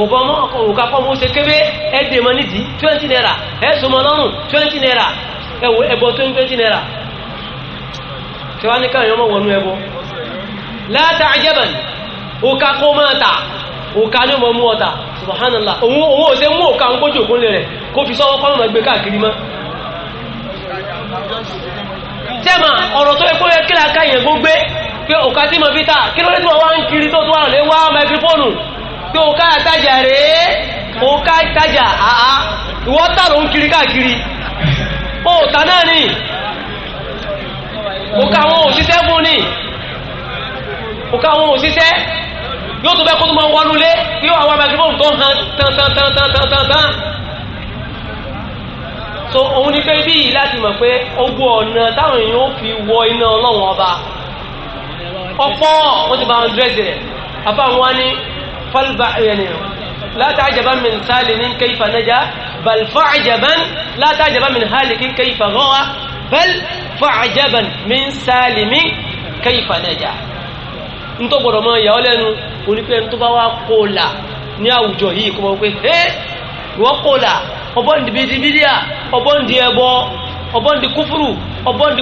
òbọmọ òkà fọmọ ṣe kébé ẹdèmọ nídìí twenty naira ẹsùnmọ lọrùn twenty naira ẹwọ ẹbọ tó ń twenty naira tí wàá ní káyọ̀ ọmọ wọnú ẹbọ láta àjẹbẹ̀ni òkà kó máa tà òkà ní ọmọ mú ọ̀tà subhanallah òun ò ṣe mú òkà ń kójú òkúnlẹ̀ rẹ̀ kó fi sọ́wọ́ kọ́ tẹ́mà ọ̀rọ̀ tó ẹkọ́ yẹ kílá káyẹ̀ gbógbé pé òkà tí mọ̀ fítà kí ló lẹ́tọ̀ wá ń kiri tó tó wà lè wá microphone pé òkà tajà rèé òkà tajà àá ìwọ́ tààrà ń kiri káàkiri òkà náà ni òkà àwọn òṣìṣẹ́ fún ni òkà àwọn òṣìṣẹ́ yóò tó bẹ́ kó tó máa wọnú lé yóò àwọn microphone tó hàn tán tán tán tán tán tán so òun ni pé bí yìí láti mọ̀ pé ogún ọ̀nà táwọn èèyàn ó fi wọ iná ọlọ́run ọba ọ̀pọ̀ wọ́n ti bá wọn dírẹ́sì rẹ̀ àbá wọn ní falba ẹ̀yẹn la ta'jaban min salimin kayfa naja bal fa'jaban la ta'jaban min halikin kayfa ghawa bal fa'jaban min salimin kayfa naja nítorí gbọ́dọ̀ mọ ìyàwó lẹ́nu onípẹ́ tó bá wá kó ní àwùjọ yìí kó ọbọ̀ndì bíi di bídíà ọbọ̀ndì ẹbọ ọbọ̀ndì kúfúrú ọbọ̀ndì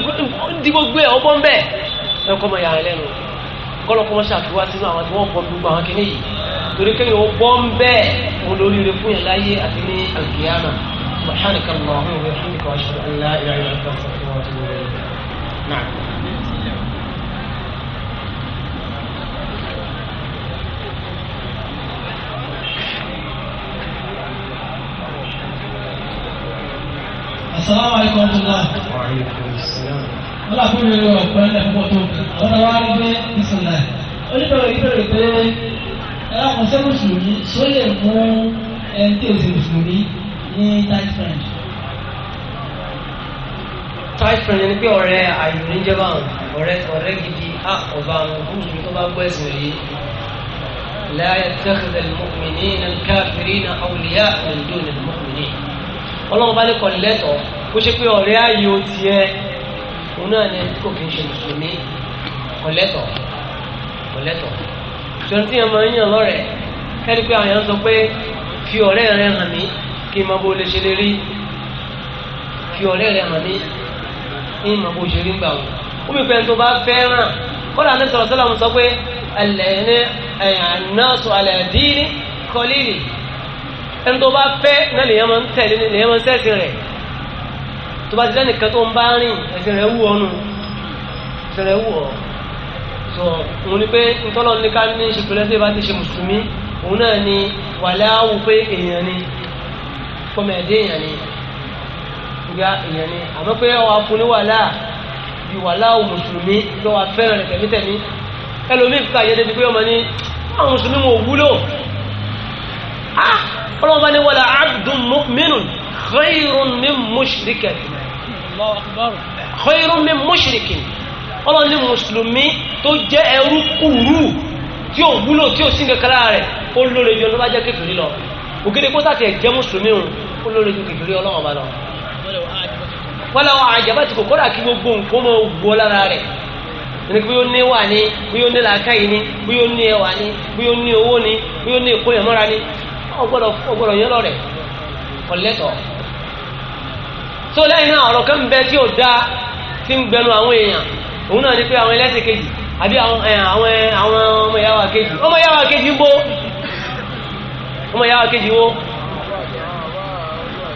gbogbo ẹ̀ ọbọ̀n bẹ́ẹ̀ ẹ̀kọ́ mọ̀ yàrá lẹ́nu kọ́lọ́ kọ́ ṣàfiwá sínú àwọn tí wọ́n bọ́ gbogbo àwọn kìíní yìí torí kéèyàn ó bọ́ ń bẹ́ẹ̀ òun lórí rẹ fún yẹn láyé àti ní àgbéyàmà subhanaka Allahumma wa bihamdika ashhadu an la ilaha illa Assalamu alaikum ọ̀túnlá. wọ́n làkúrò rẹ̀ ọ̀pọ̀ ẹ̀ńdà púpọ̀ tó ọ̀dọ̀ wa rí pé ìsìnlá. oníbẹ̀rẹ̀ ìbẹ̀rẹ̀ pé ẹlẹ́kùn sẹ́ mùsùlùmí ṣó lè mú ẹni tí èsì mùsùlùmí ní tight friend. tight friend ni pé ọ̀rẹ́ àyùrú ń jẹ́ báwọn ọ̀rẹ́ ọ̀rẹ́ لا يتخذ المؤمنين الكافرين أولياء من دون المؤمنين ọlọ́run bá lè kọ́ ní lẹ́tọ̀ọ́ ó ṣe pé ọ̀rẹ́ ayò tiẹ̀ òun náà ni kò kí n ṣe mùsùlùmí kọ̀lẹ́tọ̀ kọ̀lẹ́tọ̀ ṣòro tí yẹn máa ń yàn lọ́rẹ̀ kẹ́ni pé àwọn yẹn sọ pé fi ọ̀rẹ́ rẹ hàn mí kí n mọ bó lè ṣe lè rí fi ọ̀rẹ́ rẹ hàn mí kí n mọ bó ṣe rí gbà wò ó mi pẹ́ tó bá fẹ́ràn kódà ní sọ̀rọ̀ sọ́lá mo sọ pé ẹ̀lẹ́ ẹni tó bá fẹ́ náà lèyàn máa ń tẹ̀lé lèyàn máa ń sẹ́sìn rẹ̀ tó bá ti lẹ́nìkan tó ń bá rìn ẹ̀sìn rẹ̀ wù ọ́nù ẹ̀sìn rẹ̀ wù ọ́ sọ òun ni pé ntọ́lọ́ ní ká ní ṣe pẹ̀lẹ́ tí bá ti ṣe mùsùlùmí òun náà ni wàlẹ́ àwù pé èèyàn ni pọ́mọ ẹ̀dẹ́ èèyàn ni ìgbà èèyàn ni àmọ́ pé ọ afun ní wàlẹ́ bí wàlẹ́ àwù mùsùlùmí lọ́wọ́ fẹ́ràn rẹ̀ ọlọ́wọ́n bá ní wala abdun mu'minun khayrun min mushrikin khayrun min mushrikin ọlọ́wọ́n ní mùsùlùmí tó jẹ́ ẹrú kùrú tí ò wúlò tí ò sí kankanlá rẹ̀ ó lóore ju ọdún bá jẹ́ kékeré lọ ògidì kó tàtí ẹ̀jẹ̀ mùsùlùmí òun ó lóore ju kékeré ọlọ́wọ́n bá lọ. wọ́n lọ́wọ́ àjàbá ti kò kọ́dà kí gbogbo nǹkan mọ́ gbọ́ lára rẹ̀ ní bí ó ní wà ní bí ó ní làákàyè ní bí ó ní ẹwà ní bí ó ní owó ní bí ó ní ìkórè ní ọgbọ́dọ̀ ọgbọ́dọ̀ yẹn lọ rẹ̀ ọ̀lẹ́tọ̀ tó lẹ́yìn náà ọ̀rọ̀ kan bẹ tí ó dá tí ń gbẹnu àwọn èèyàn òun náà ni pé àwọn ẹlẹ́sìn kejì àbí àwọn eh, àwọn ọmọ ìyáwó kejì ọmọ ìyáwó kejì ń bó ọmọ ìyáwó kejì wo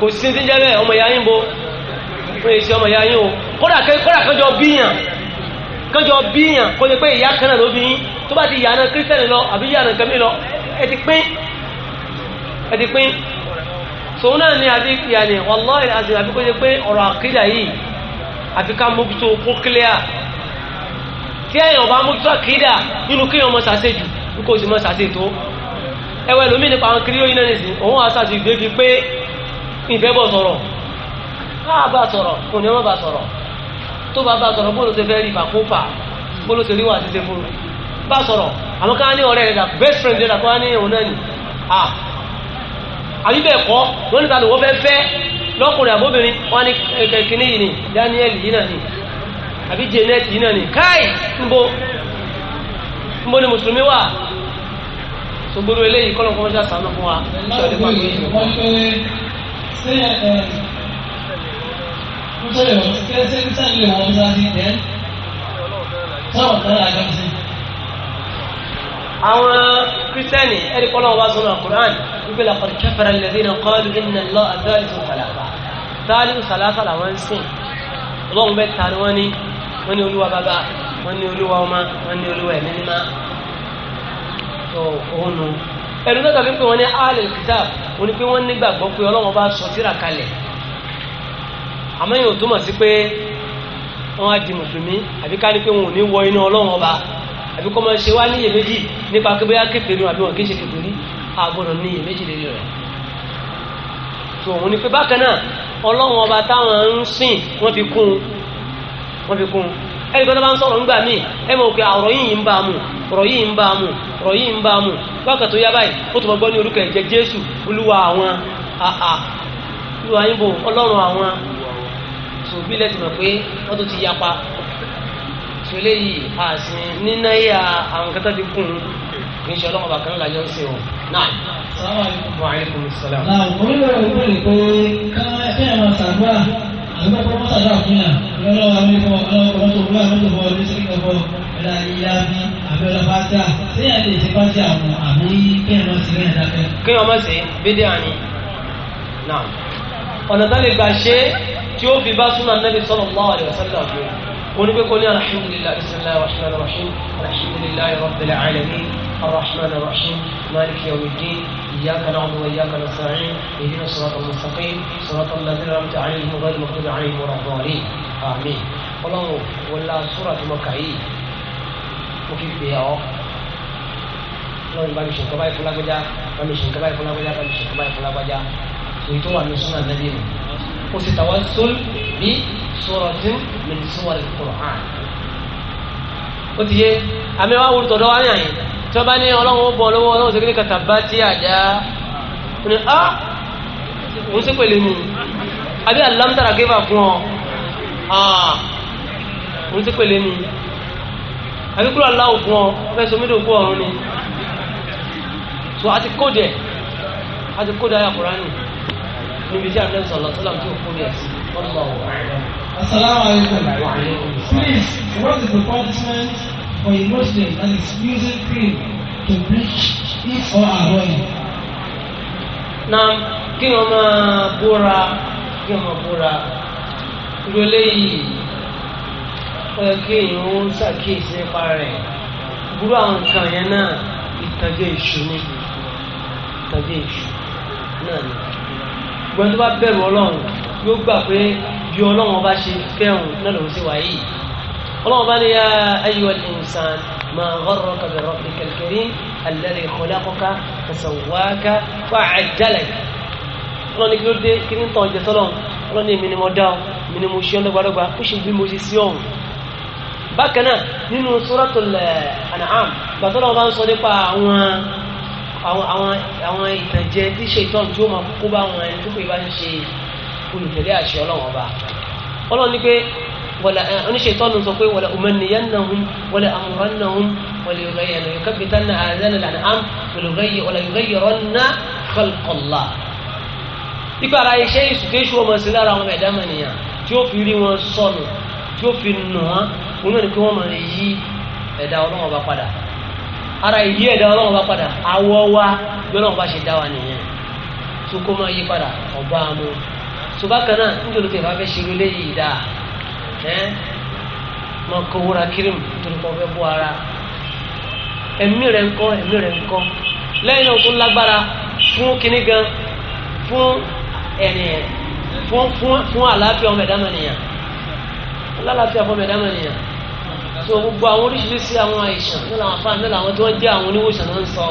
kò sí ti jẹ́ bẹ́ẹ̀ ọmọ ìyá yín bo wọ́n èsì ọmọ ìyá yín o kódà kọjọ bíyàn kọjọ bíyàn kó lè pé ìyá kan náà ló bí yín tó bá ti yà náà kírísítẹ́nì lọ àbí yà náà kẹ́mí lọ ẹ ti pín ẹ̀dí pín sòun náà ni àbí ìyàní ọ̀lọ́ ìrìnàjò àbí kó ṣe pé ọ̀rọ̀ àkídà yìí àfi ká mójútó kó kílíà tí ẹ̀yàn bá mójútó àkídà nínú kí èèyàn mọ́ sàṣejù bí kò sì mọ́ sàṣètò ẹwẹ́ lómi nípa àwọn kiri yóò iná nìsín òun wà sàṣì gbé fi pé ìbẹ́bọ̀ sọ̀rọ̀ káà bá sọ̀rọ̀ kò ní ọmọ bá sọ̀rọ̀ tó bá bá sọ̀rọ̀ bó ló ṣe fẹ́ rí ìfàkófà bó ló ṣe rí wà ṣiṣẹ́ fún bá sọ̀rọ̀ àwọn ká ní ọ̀rẹ́ rẹ̀ dà best friend rẹ̀ dà kó wá ní òun náà nì àbí bẹ́ẹ̀ kọ́ wọ́n ní ta wọ́n fẹ́ fẹ́ lọ́kùnrin àbóbìnrin wọ́n yìí ni Daniel yìí náà ni àbí Janet yìí náà ni káì nbo nbo ni mùsùlùmí wà sọgbọ́n eléyìí kọ́nà kọ́nà ṣáà sànù fún wa. sí àwọn kírísítẹ́nì ẹni kọ́ lọ́wọ́ bá sọ náà Qur'an wípé laqad kafara alladhina qalu inna Allaha thalithu thalatha thalithu thalatha làwọn ń sìn ọlọ́run bẹ́ẹ̀ ta ni wọ́n ní wọ́n ní olúwa bàbá wọ́n ní olúwa ọmọ wọ́n ní olúwa ẹ̀mí mímá tó òun nù. ẹnu náà tàbí pé wọ́n ní alẹ́ kitab wọ́n pé wọ́n nígbàgbọ́ pé ọlọ́run bá sọ àbí kọ́ máa ṣe wá ní iyèméjì nípa pé bóyá kékeré àbí wọn kì í ṣe kékeré àgbọ̀dọ̀ ní iyèméjì lórí rẹ̀ tó òun ni pé bákan náà ọlọ́run ọba táwọn ń sìn wọ́n fi kún wọ́n fi kún ẹni tó bá ń sọ̀rọ̀ ńgbà míì ẹ mọ̀ pé ọ̀rọ̀ yìí ń bá a mú ọ̀rọ̀ yìí ń bá a mú ọ̀rọ̀ yìí ń bá a mú bákan tó yá báyìí ó tún bọ́ gbọ́ ní orúkọ ẹ̀jẹ̀ Jésù olúwa àwọn àà olúwa yín bò ọlọ́run àwọn tòbí lẹ́sìn mọ̀ pé wọ́n tó ti yapa sọ eléyìí a sì níná yà àwọn kẹta ti kún kì í ṣe ọlọ́mọba kan lájọ ń ṣe o náà. salaam. na òun yóò wọ ìwé pé ká ẹgbẹ́ ẹ̀ máa ṣàdúrà àdúgbò kọ́ máa ṣàdúrà fún yà lọ́wọ́ àwọn ẹ̀kọ́ ọlọ́wọ́ tó wúlò àwọn tó wọ ọdún sí ìkọ̀kọ́ ẹ̀dá ìyá bí abẹ́rẹ́ fájà sẹ́yà lè ṣe fájà àwọn àmì kí ẹ̀ máa ṣe rẹ̀ dákẹ́. kí wọ́n máa ṣe bídẹ́ àní náà ọ̀nà tá lè gbà ṣe tí ó fi bá súnà Nábì sallallahu alaihi wasallam ونقول الحمد لله بسم الله الرحمن الرحيم الحمد لله رب العالمين الرحمن الرحيم مالك يوم الدين إياك نعبد وإياك نستعين اهدنا الصراط المستقيم صراط الذين أنعمت عليهم غير المغضوب عليهم ولا الضالين آمين والله ولا سورة مكعي وفي بيعه lọ́wọ́ ní bámi ṣèǹkà báyìí fúlágbájá bámi ṣèǹkà báyìí fúlágbájá bámi ṣèǹkà báyìí fúlágbájá èyí tó wà ní súnà nàbí nù ó sì tawassul bí suratin min suwaril Qur'an ó ti yé àmì wá wúlò tọ̀dọ̀ wá ní àyè tí wọ́n bá ní ọlọ́run ó bọ̀ lọ́wọ́ ọlọ́run ṣe kí ní kàtà bá tí àjá ní á ah, òun ṣe pèlè ní àbí alámúdára gébà fún ọ ah, òun ṣe pèlè ní àbí kúrò aláwò fún ọ ọfẹ sọmídò kú ọrùn ni so àti kódẹ àti kódẹ ayàkùrá nìyí níbi tí àdéhùn sọ̀rọ̀ sọ́lá tí ó kó rẹ̀ sí ọlọ́ Assalamualaikum. Please, what is the punishment for a Muslim that is using cream to bleach his or her oil? Na kí wọ́n máa bóra kí wọ́n máa bóra irú eléyìí ó yẹ kí èèyàn ó ṣàkíyèsí nípa rẹ̀ burú àwọn nǹkan yẹn náà ìtàgé ìṣù ní ìtàgé ìṣù náà ni gbọ́n tó bá bẹ̀rù ọlọ́run yóò gbà pé bí ọlọ́run ọba ṣe fẹ́ràn náà lòún ṣe wà yìí ọlọ́run bá ní yá ayyuhal insan ma gharraka bi rabbikal karim alladhi khalaqaka fasawwaka fa'adalaka ọlọ́run ní kí ló dé kí ní tàn jẹ sọ́lọ́run ọlọ́run ní èmi dá ọ èmi ṣe ọ́ lọ́gbàdọ́gba ó ṣe bí mo ṣe sí ọ̀hún bákan náà nínú suratul àwọn àwọn àwọn ìtànjẹ tí ṣètọ́n tí ó máa kó bá wọn ẹni tó pè bá ń ṣe olùtẹ̀lé àṣẹ ọlọ́run ọba ọlọ́run ní pé wala oníṣètọ́nù sọ pé wala umanniyannahum wala amurannahum wala yukabitanna àdánà lànàm wala yughayyiranna khalqallah. ipa ara iṣẹ́ ìsùkéṣu ọmọ sí lára àwọn ẹ̀dá mọ̀nìyàn tí ó fi rí wọn sọnù tí ó fi nù wọn wọn náà ni pé wọ́n máa yí ẹ̀dá ọlọ́run ọba padà ara ìyí ẹ̀dá ọlọ́run bá padà awọ wa bí ọlọ́run bá ṣe dá wa nìyẹn tó kó máa yí padà ọba amú tó bá kan náà nítorí tó ìfà fẹ́ ṣe wọlé yìí dáa ẹ́ máa kó wúra kírìm nítorí kan fẹ́ bó ara ẹ̀mí rẹ̀ ń kọ́ ẹ̀mí rẹ̀ ń lẹ́yìn náà tó lágbára fún kinní gan fún ẹ̀nìyàn fún fún fún àlàáfíà ọmọ ẹ̀dá mọ̀ nìyàn ọlọ́láfíà ọmọ ẹ̀dá mọ̀ nìyàn so gbogbo àwọn oríṣiríṣi àwọn àìsàn náà làwọn afáàní náà làwọn tí wọ́n jẹ́ àwọn oníwòsàn náà ń sọ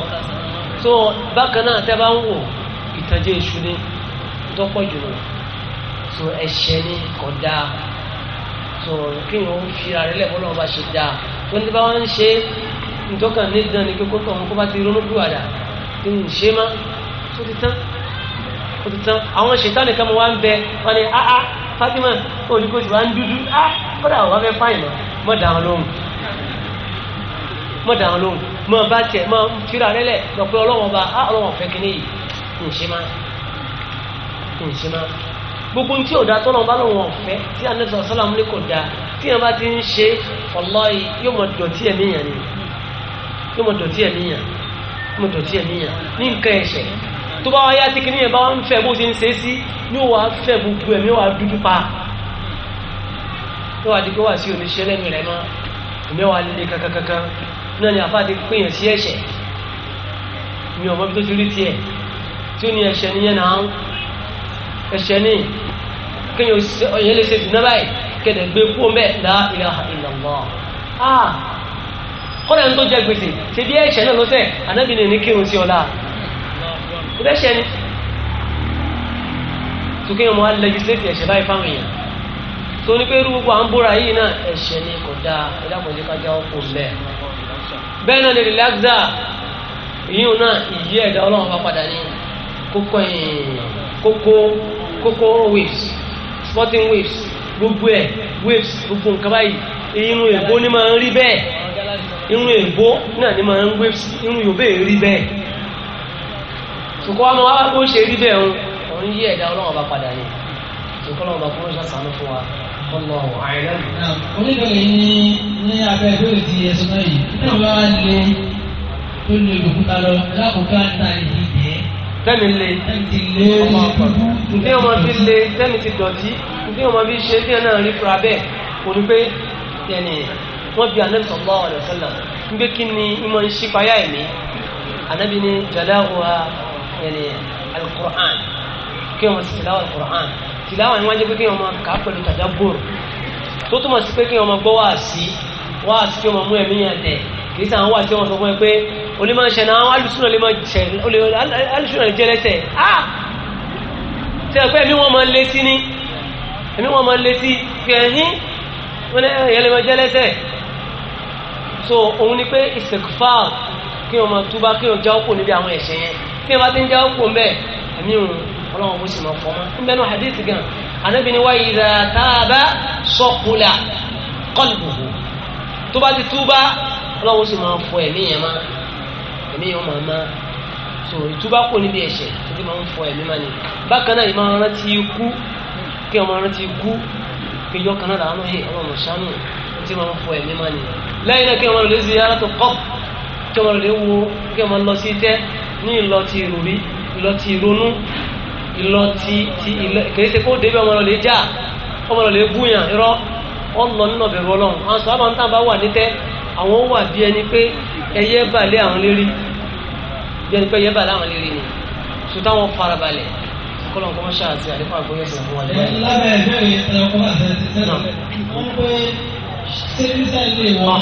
so bákan náà tẹ́ bá ń wò ìtànjẹ èṣù ni tọ́pọ̀ jù lọ so ẹ̀ṣẹ̀ ni kò dáa so kí ni wọ́n fi ara rẹ̀ lẹ́kọ́ bá ṣe dáa tó ní bá wọ́n ń ṣe ntọ́kàn nídàn ni kókó tó kó bá ti ronú pìwàdà kí ni ṣe má tó ti tán tó ti tán àwọn ṣètánì kan wá ń bẹ wọn ni ah ah Fatima olùkọ́sí wa ń dúdú ah kódà wà fẹ́ fáìn náà mọ́ dà wọn lóhùn mọ́ dà wọn lóhùn mọ́ bá tiẹ̀ mọ́ fira rẹ lẹ̀ lọ pé ọlọ́wọ́n bá á ah, ọlọ́wọ́n fẹ́ kínní yìí ǹṣẹ́ má ǹṣẹ́ má gbogbo tí ò da tọ́lọ́ bá lọ́wọ́n ọ̀fẹ́ tí anabi sàlámù ní kò da tí yẹn bá ti ń ṣe ọlọ́ọ̀yì yóò mọ dọ̀tí ẹ̀ níyàn ni yóò mọ dọ̀tí ẹ̀ níyàn yóò mọ dọ̀tí ẹ̀ níyàn ní nǹkan ẹ̀ṣẹ̀ tó bá wáyé àti kìnìyàn bá ń fẹ́ bó ti ń ṣe é sí yóò wá fẹ́ gbogbo ẹ̀mí wá dúdú pa tó wà di pé wà sí oníṣẹ́ lẹ́nu rẹ̀ mọ́ ìmẹ́wàá líle kankankankan náà ni àfáà ti pèèyàn sí ẹ̀ṣẹ̀ ni ọmọ bí tó ti rí tiẹ̀ tí ó ní ẹ̀ṣẹ̀ nìyẹn náà ẹ̀ṣẹ̀ ní kéèyàn ọ̀yẹ́ lè ṣe dùnà báyìí kẹ̀dẹ̀ gbé kó mẹ́ la ilaha illallah ah! kọ́dà ń tó jẹ gbèsè ṣe bí ẹ̀ṣẹ̀ náà lọ́sẹ̀ anábìnrin ní kírun sí ọ̀la ìbẹ́ṣẹ̀ ni tukẹ́ ọmọ alẹ́gísẹ́tì ẹ̀ṣẹ̀ báyìí fáwọn èèyàn tó ní pé irú gbogbo à ń búra yìí náà ẹ̀ṣẹ̀ ni kò dáa ní lẹ̀ bẹ́ẹ̀ náà ni relaxa ìyíwò náà ìyí ẹ̀dá ọlọ́run bá padà ní ni máa ń rí bẹ́ẹ̀ irun èbó náà ni máa ń waves irun yòó bẹ́ẹ̀ rí bẹ́ẹ̀ ṣe rí bẹ́ẹ̀ yí ẹ̀dá ọlọ́run bá padà ní ṣùgbọ́n Ọlọ́run àìlẹ́nu. oníbẹ̀rẹ̀ yìí ní ní abẹ́ ìbéèrè ti ẹ̀sùn náà yìí náà bá wá lé tó lè lòkúta lọ lákòókò àtà ìdí jẹ́. tẹ́mi lé ní ọmọ fi lé tẹ́mi ti dọ̀tí ní ọmọ fi ṣe bí ẹ náà rí fura bẹ́ẹ̀ kò ní pé yẹnì wọ́n bí anabi sallallahu alaihi wasallam ń gbé kí ni ìmọ̀ ń ṣípayá ẹ̀mí anabi ni jàdáwà yẹnì alukur'an kí wọ́n sì tẹ̀lé alukur'an tìláwà ni wọ́n jẹ́ pé kí wọ́n máa kà á pẹ̀lú tadabbur tó túmọ̀ sí pé kí wọ́n máa gbọ́ wáàsí wáàsí tí wọ́n máa mú ẹ̀mí yàn tẹ̀ kì í sàn wá tí wọ́n sọ fún ẹ pé onímọ̀ ṣẹ̀ náà alùsùnà lè máa ṣẹ̀ alùsùnà lè jẹ́lẹ́sẹ̀ á ah! tẹ́ pé ẹ̀mí wọn máa lé sí ní ẹ̀mí wọn máa lé sí kẹ̀yìn wọn ẹ̀yẹ lè máa jẹ́lẹ́sẹ̀ so òun ni pé istighfar kí wọ́n máa túbá kí wọ́n jáwọ́ pò níbi àwọn ẹ̀ṣẹ̀ yẹn tí wọ́n bá ti ń jáwọ́ pò ń bẹ́ẹ̀ ẹ̀mí òun ọlọ́run mo sì mọ̀ fọ́ mọ́ ń bẹ́nu hadith gan anabi ni wa idha taaba saqula qalbuhu tó bá ti túbá ọlọ́run sì máa fọ ẹ̀mí yẹn má ẹ̀mí yẹn máa má so ìtúbá kò níbi ẹ̀ṣẹ̀ tó ti máa ń fọ ẹ̀mí má ni bákan náà ìmọ̀ rántí ikú kí ọmọ rántí ikú kí yọ kan náà làwọn ọlọ́run ṣánú tí máa ń fọ ẹ̀mí má ni lẹ́yìn náà kí ọmọ rẹ̀ lè ìlọ ti ti ilẹ̀ kìí ṣe kó débi ọmọ lọ́lẹ̀ já ọmọ lọ́lẹ̀ búyàn irọ́ ọlọ nínú ọ̀bẹ̀rù ọlọ́run àwọn sọ àbámútà bá wà nítẹ́ àwọn wà bí ẹni pé ẹyẹ bà lé àwọn lérí bí ẹni pé ẹyẹ bà lé àwọn lérí ni sùtá wọn farabalẹ̀ kọ́lọ̀ nǹkan mọ́ṣáà àti àlékún àgbóyè sọ̀rọ̀ fún wa lẹ́yìn. lábẹ́ ẹgbẹ́ ìṣẹ̀lẹ̀kọ́ àti ẹ̀sìn wọ́n pé ṣé kírísítẹ́nì lè wọ́n.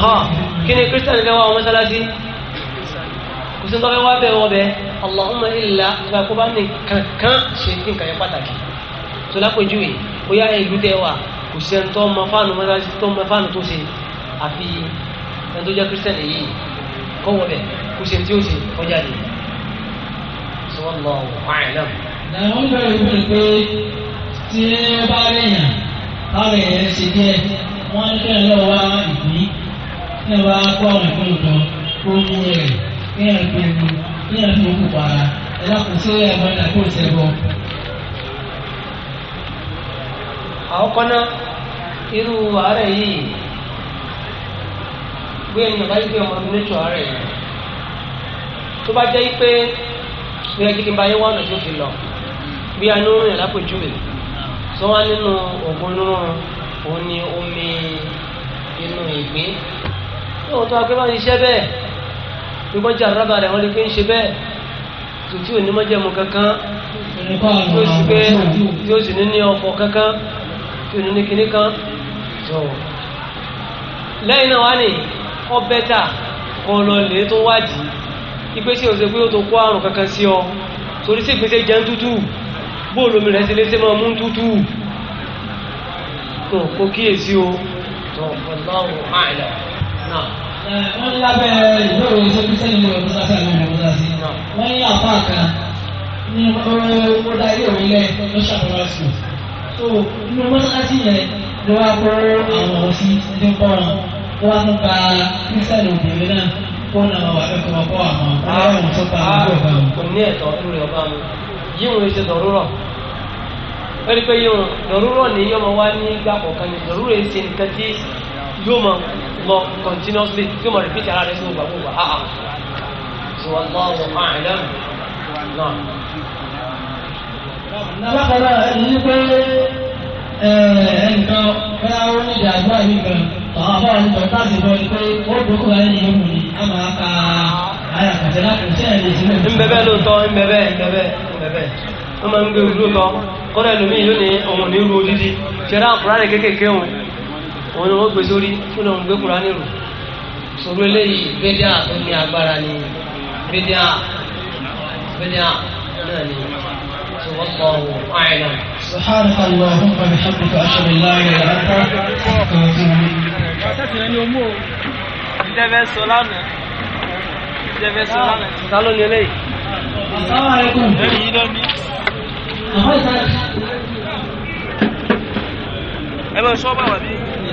kí ni kírísítẹ́nì Allahumma illa ìgbà kó bá ní kankan ṣe ní nǹkan yẹn pàtàkì tó lápèjúwe bóyá ìlú tẹ wà kò sí ẹni tó mọ fáànù mọ́tàlásí tó mọ fáànù tó ṣe àfi ẹni tó jẹ́ kírísítẹ́nì yìí kọ́ wọ bẹ̀ kó ṣe tí ó ṣe kọjá ni. Wallahu a'lam. làwọn bẹ̀rẹ̀ ìbéèrè pé tí ẹ bá rẹ̀yàn báwọn èèyàn ṣe jẹ́ wọ́n ní kẹ́hìn lọ́wọ́ wá ìpín kẹ́hìn wá kó àwọn ní ẹ̀fí òkú para ẹlẹ́kùn tí ó yẹ ẹ̀mọ́ ẹ̀dá kó o ti ẹ̀bọ. àwọn kan náà irú àárẹ̀ yìí gbé ẹni ọ̀dá yìí pé ọmọ ọdún méjì àárẹ̀ yìí tó bá jẹ́ pé bí ẹ jíkí bá yẹ wọ́n ọ̀nà tó fi lọ bí anú rìn lápòjúwe tó wá nínú ògùn inú òun ni omi inú ìgbín tó tó wá pé bá bẹ́ẹ̀ nígbọ́n jẹ́ àrọ́bà rẹ̀ wọ́n lè pé ń ṣe bẹ́ẹ̀ tó tí ò ní mọ́jẹ̀mú kankan tí ó sì pé tí ó sì ní ní ọkọ̀ kankan tí ò ní ní kinní kan tó. lẹ́yìn náà wá ní ọ bẹ́tà kan lọ lè tó wádìí ipe tí o ṣe pé ó tó kó àrùn kankan sí ọ torí sí ìpèsè jẹun tútù bóòlù mi rẹ̀ sí léṣe máa mú tútù tó kíyèsí o tó ọ̀pọ̀ náà wò náà wọ́n ní lábẹ́ ìgbéwò iṣẹ́ kristian ní ọ̀rọ̀ mọ́sáfẹ́ àwọn ọ̀rọ̀ mọ́sáfẹ́ wọ́n ní àpá kan ní ó dá ilé òun lẹ̀ lọ́sọ̀ àpárá sùn tó inú mọ́sáfẹ́ yẹn ló wá kó àwọn ọ̀rọ̀ sí ẹni kọ́ wọn wọ́n á tún ka kristian obìnrin náà kó nà wà ẹ̀kọ́ ọkọ̀ àwọn aráàlú tó ta àwọn ọ̀gá wọn. Ah, kò ní ẹ̀tọ́ lórí ọba mi yíwọ̀n ṣe dọ̀rọ̀ pẹ́ẹ́lí pé yíwọ̀n dọ̀rọ̀ ní yọmọ wá ní gbàkọ̀ọ̀kan ní dọ̀rọ̀ èsì nǹkan tí yóò mọ lọ continuously yóò mọ repeat ara rẹ sí gbogbo àgbogbo àhà ah, ah. so Allahu a'lam náà. bákan náà èyí pé ẹnìkan bẹ́ẹ̀ ó ní ìdí àgbà kan àwọn àbá wọn táàsì bọ́ ni ó dókòó ayé ni mú ni a máa ka àyà kàtẹ́ láti ṣe ẹ̀ sílẹ̀. ń bẹ́bẹ́ lóòótọ́ ń bẹ́bẹ́ ń wọ́n máa ń gbé ojú lóòótọ́ kọ́lá ẹlòmíì yóò ní òun ní ru odidi ṣẹlá àkùrá rẹ̀ kéékèèké òun òun ni wọ́n gbé sórí kí lóun gbé Kùránì rù sọ̀rọ̀ eléyìí bẹ́díà tó ní agbára ni bẹ́díà bẹ́díà náà ni sọ̀wọ́pọ̀ àìlà. سبحانك اللهم وبحمدك أشهد أن لا إله إلا أنت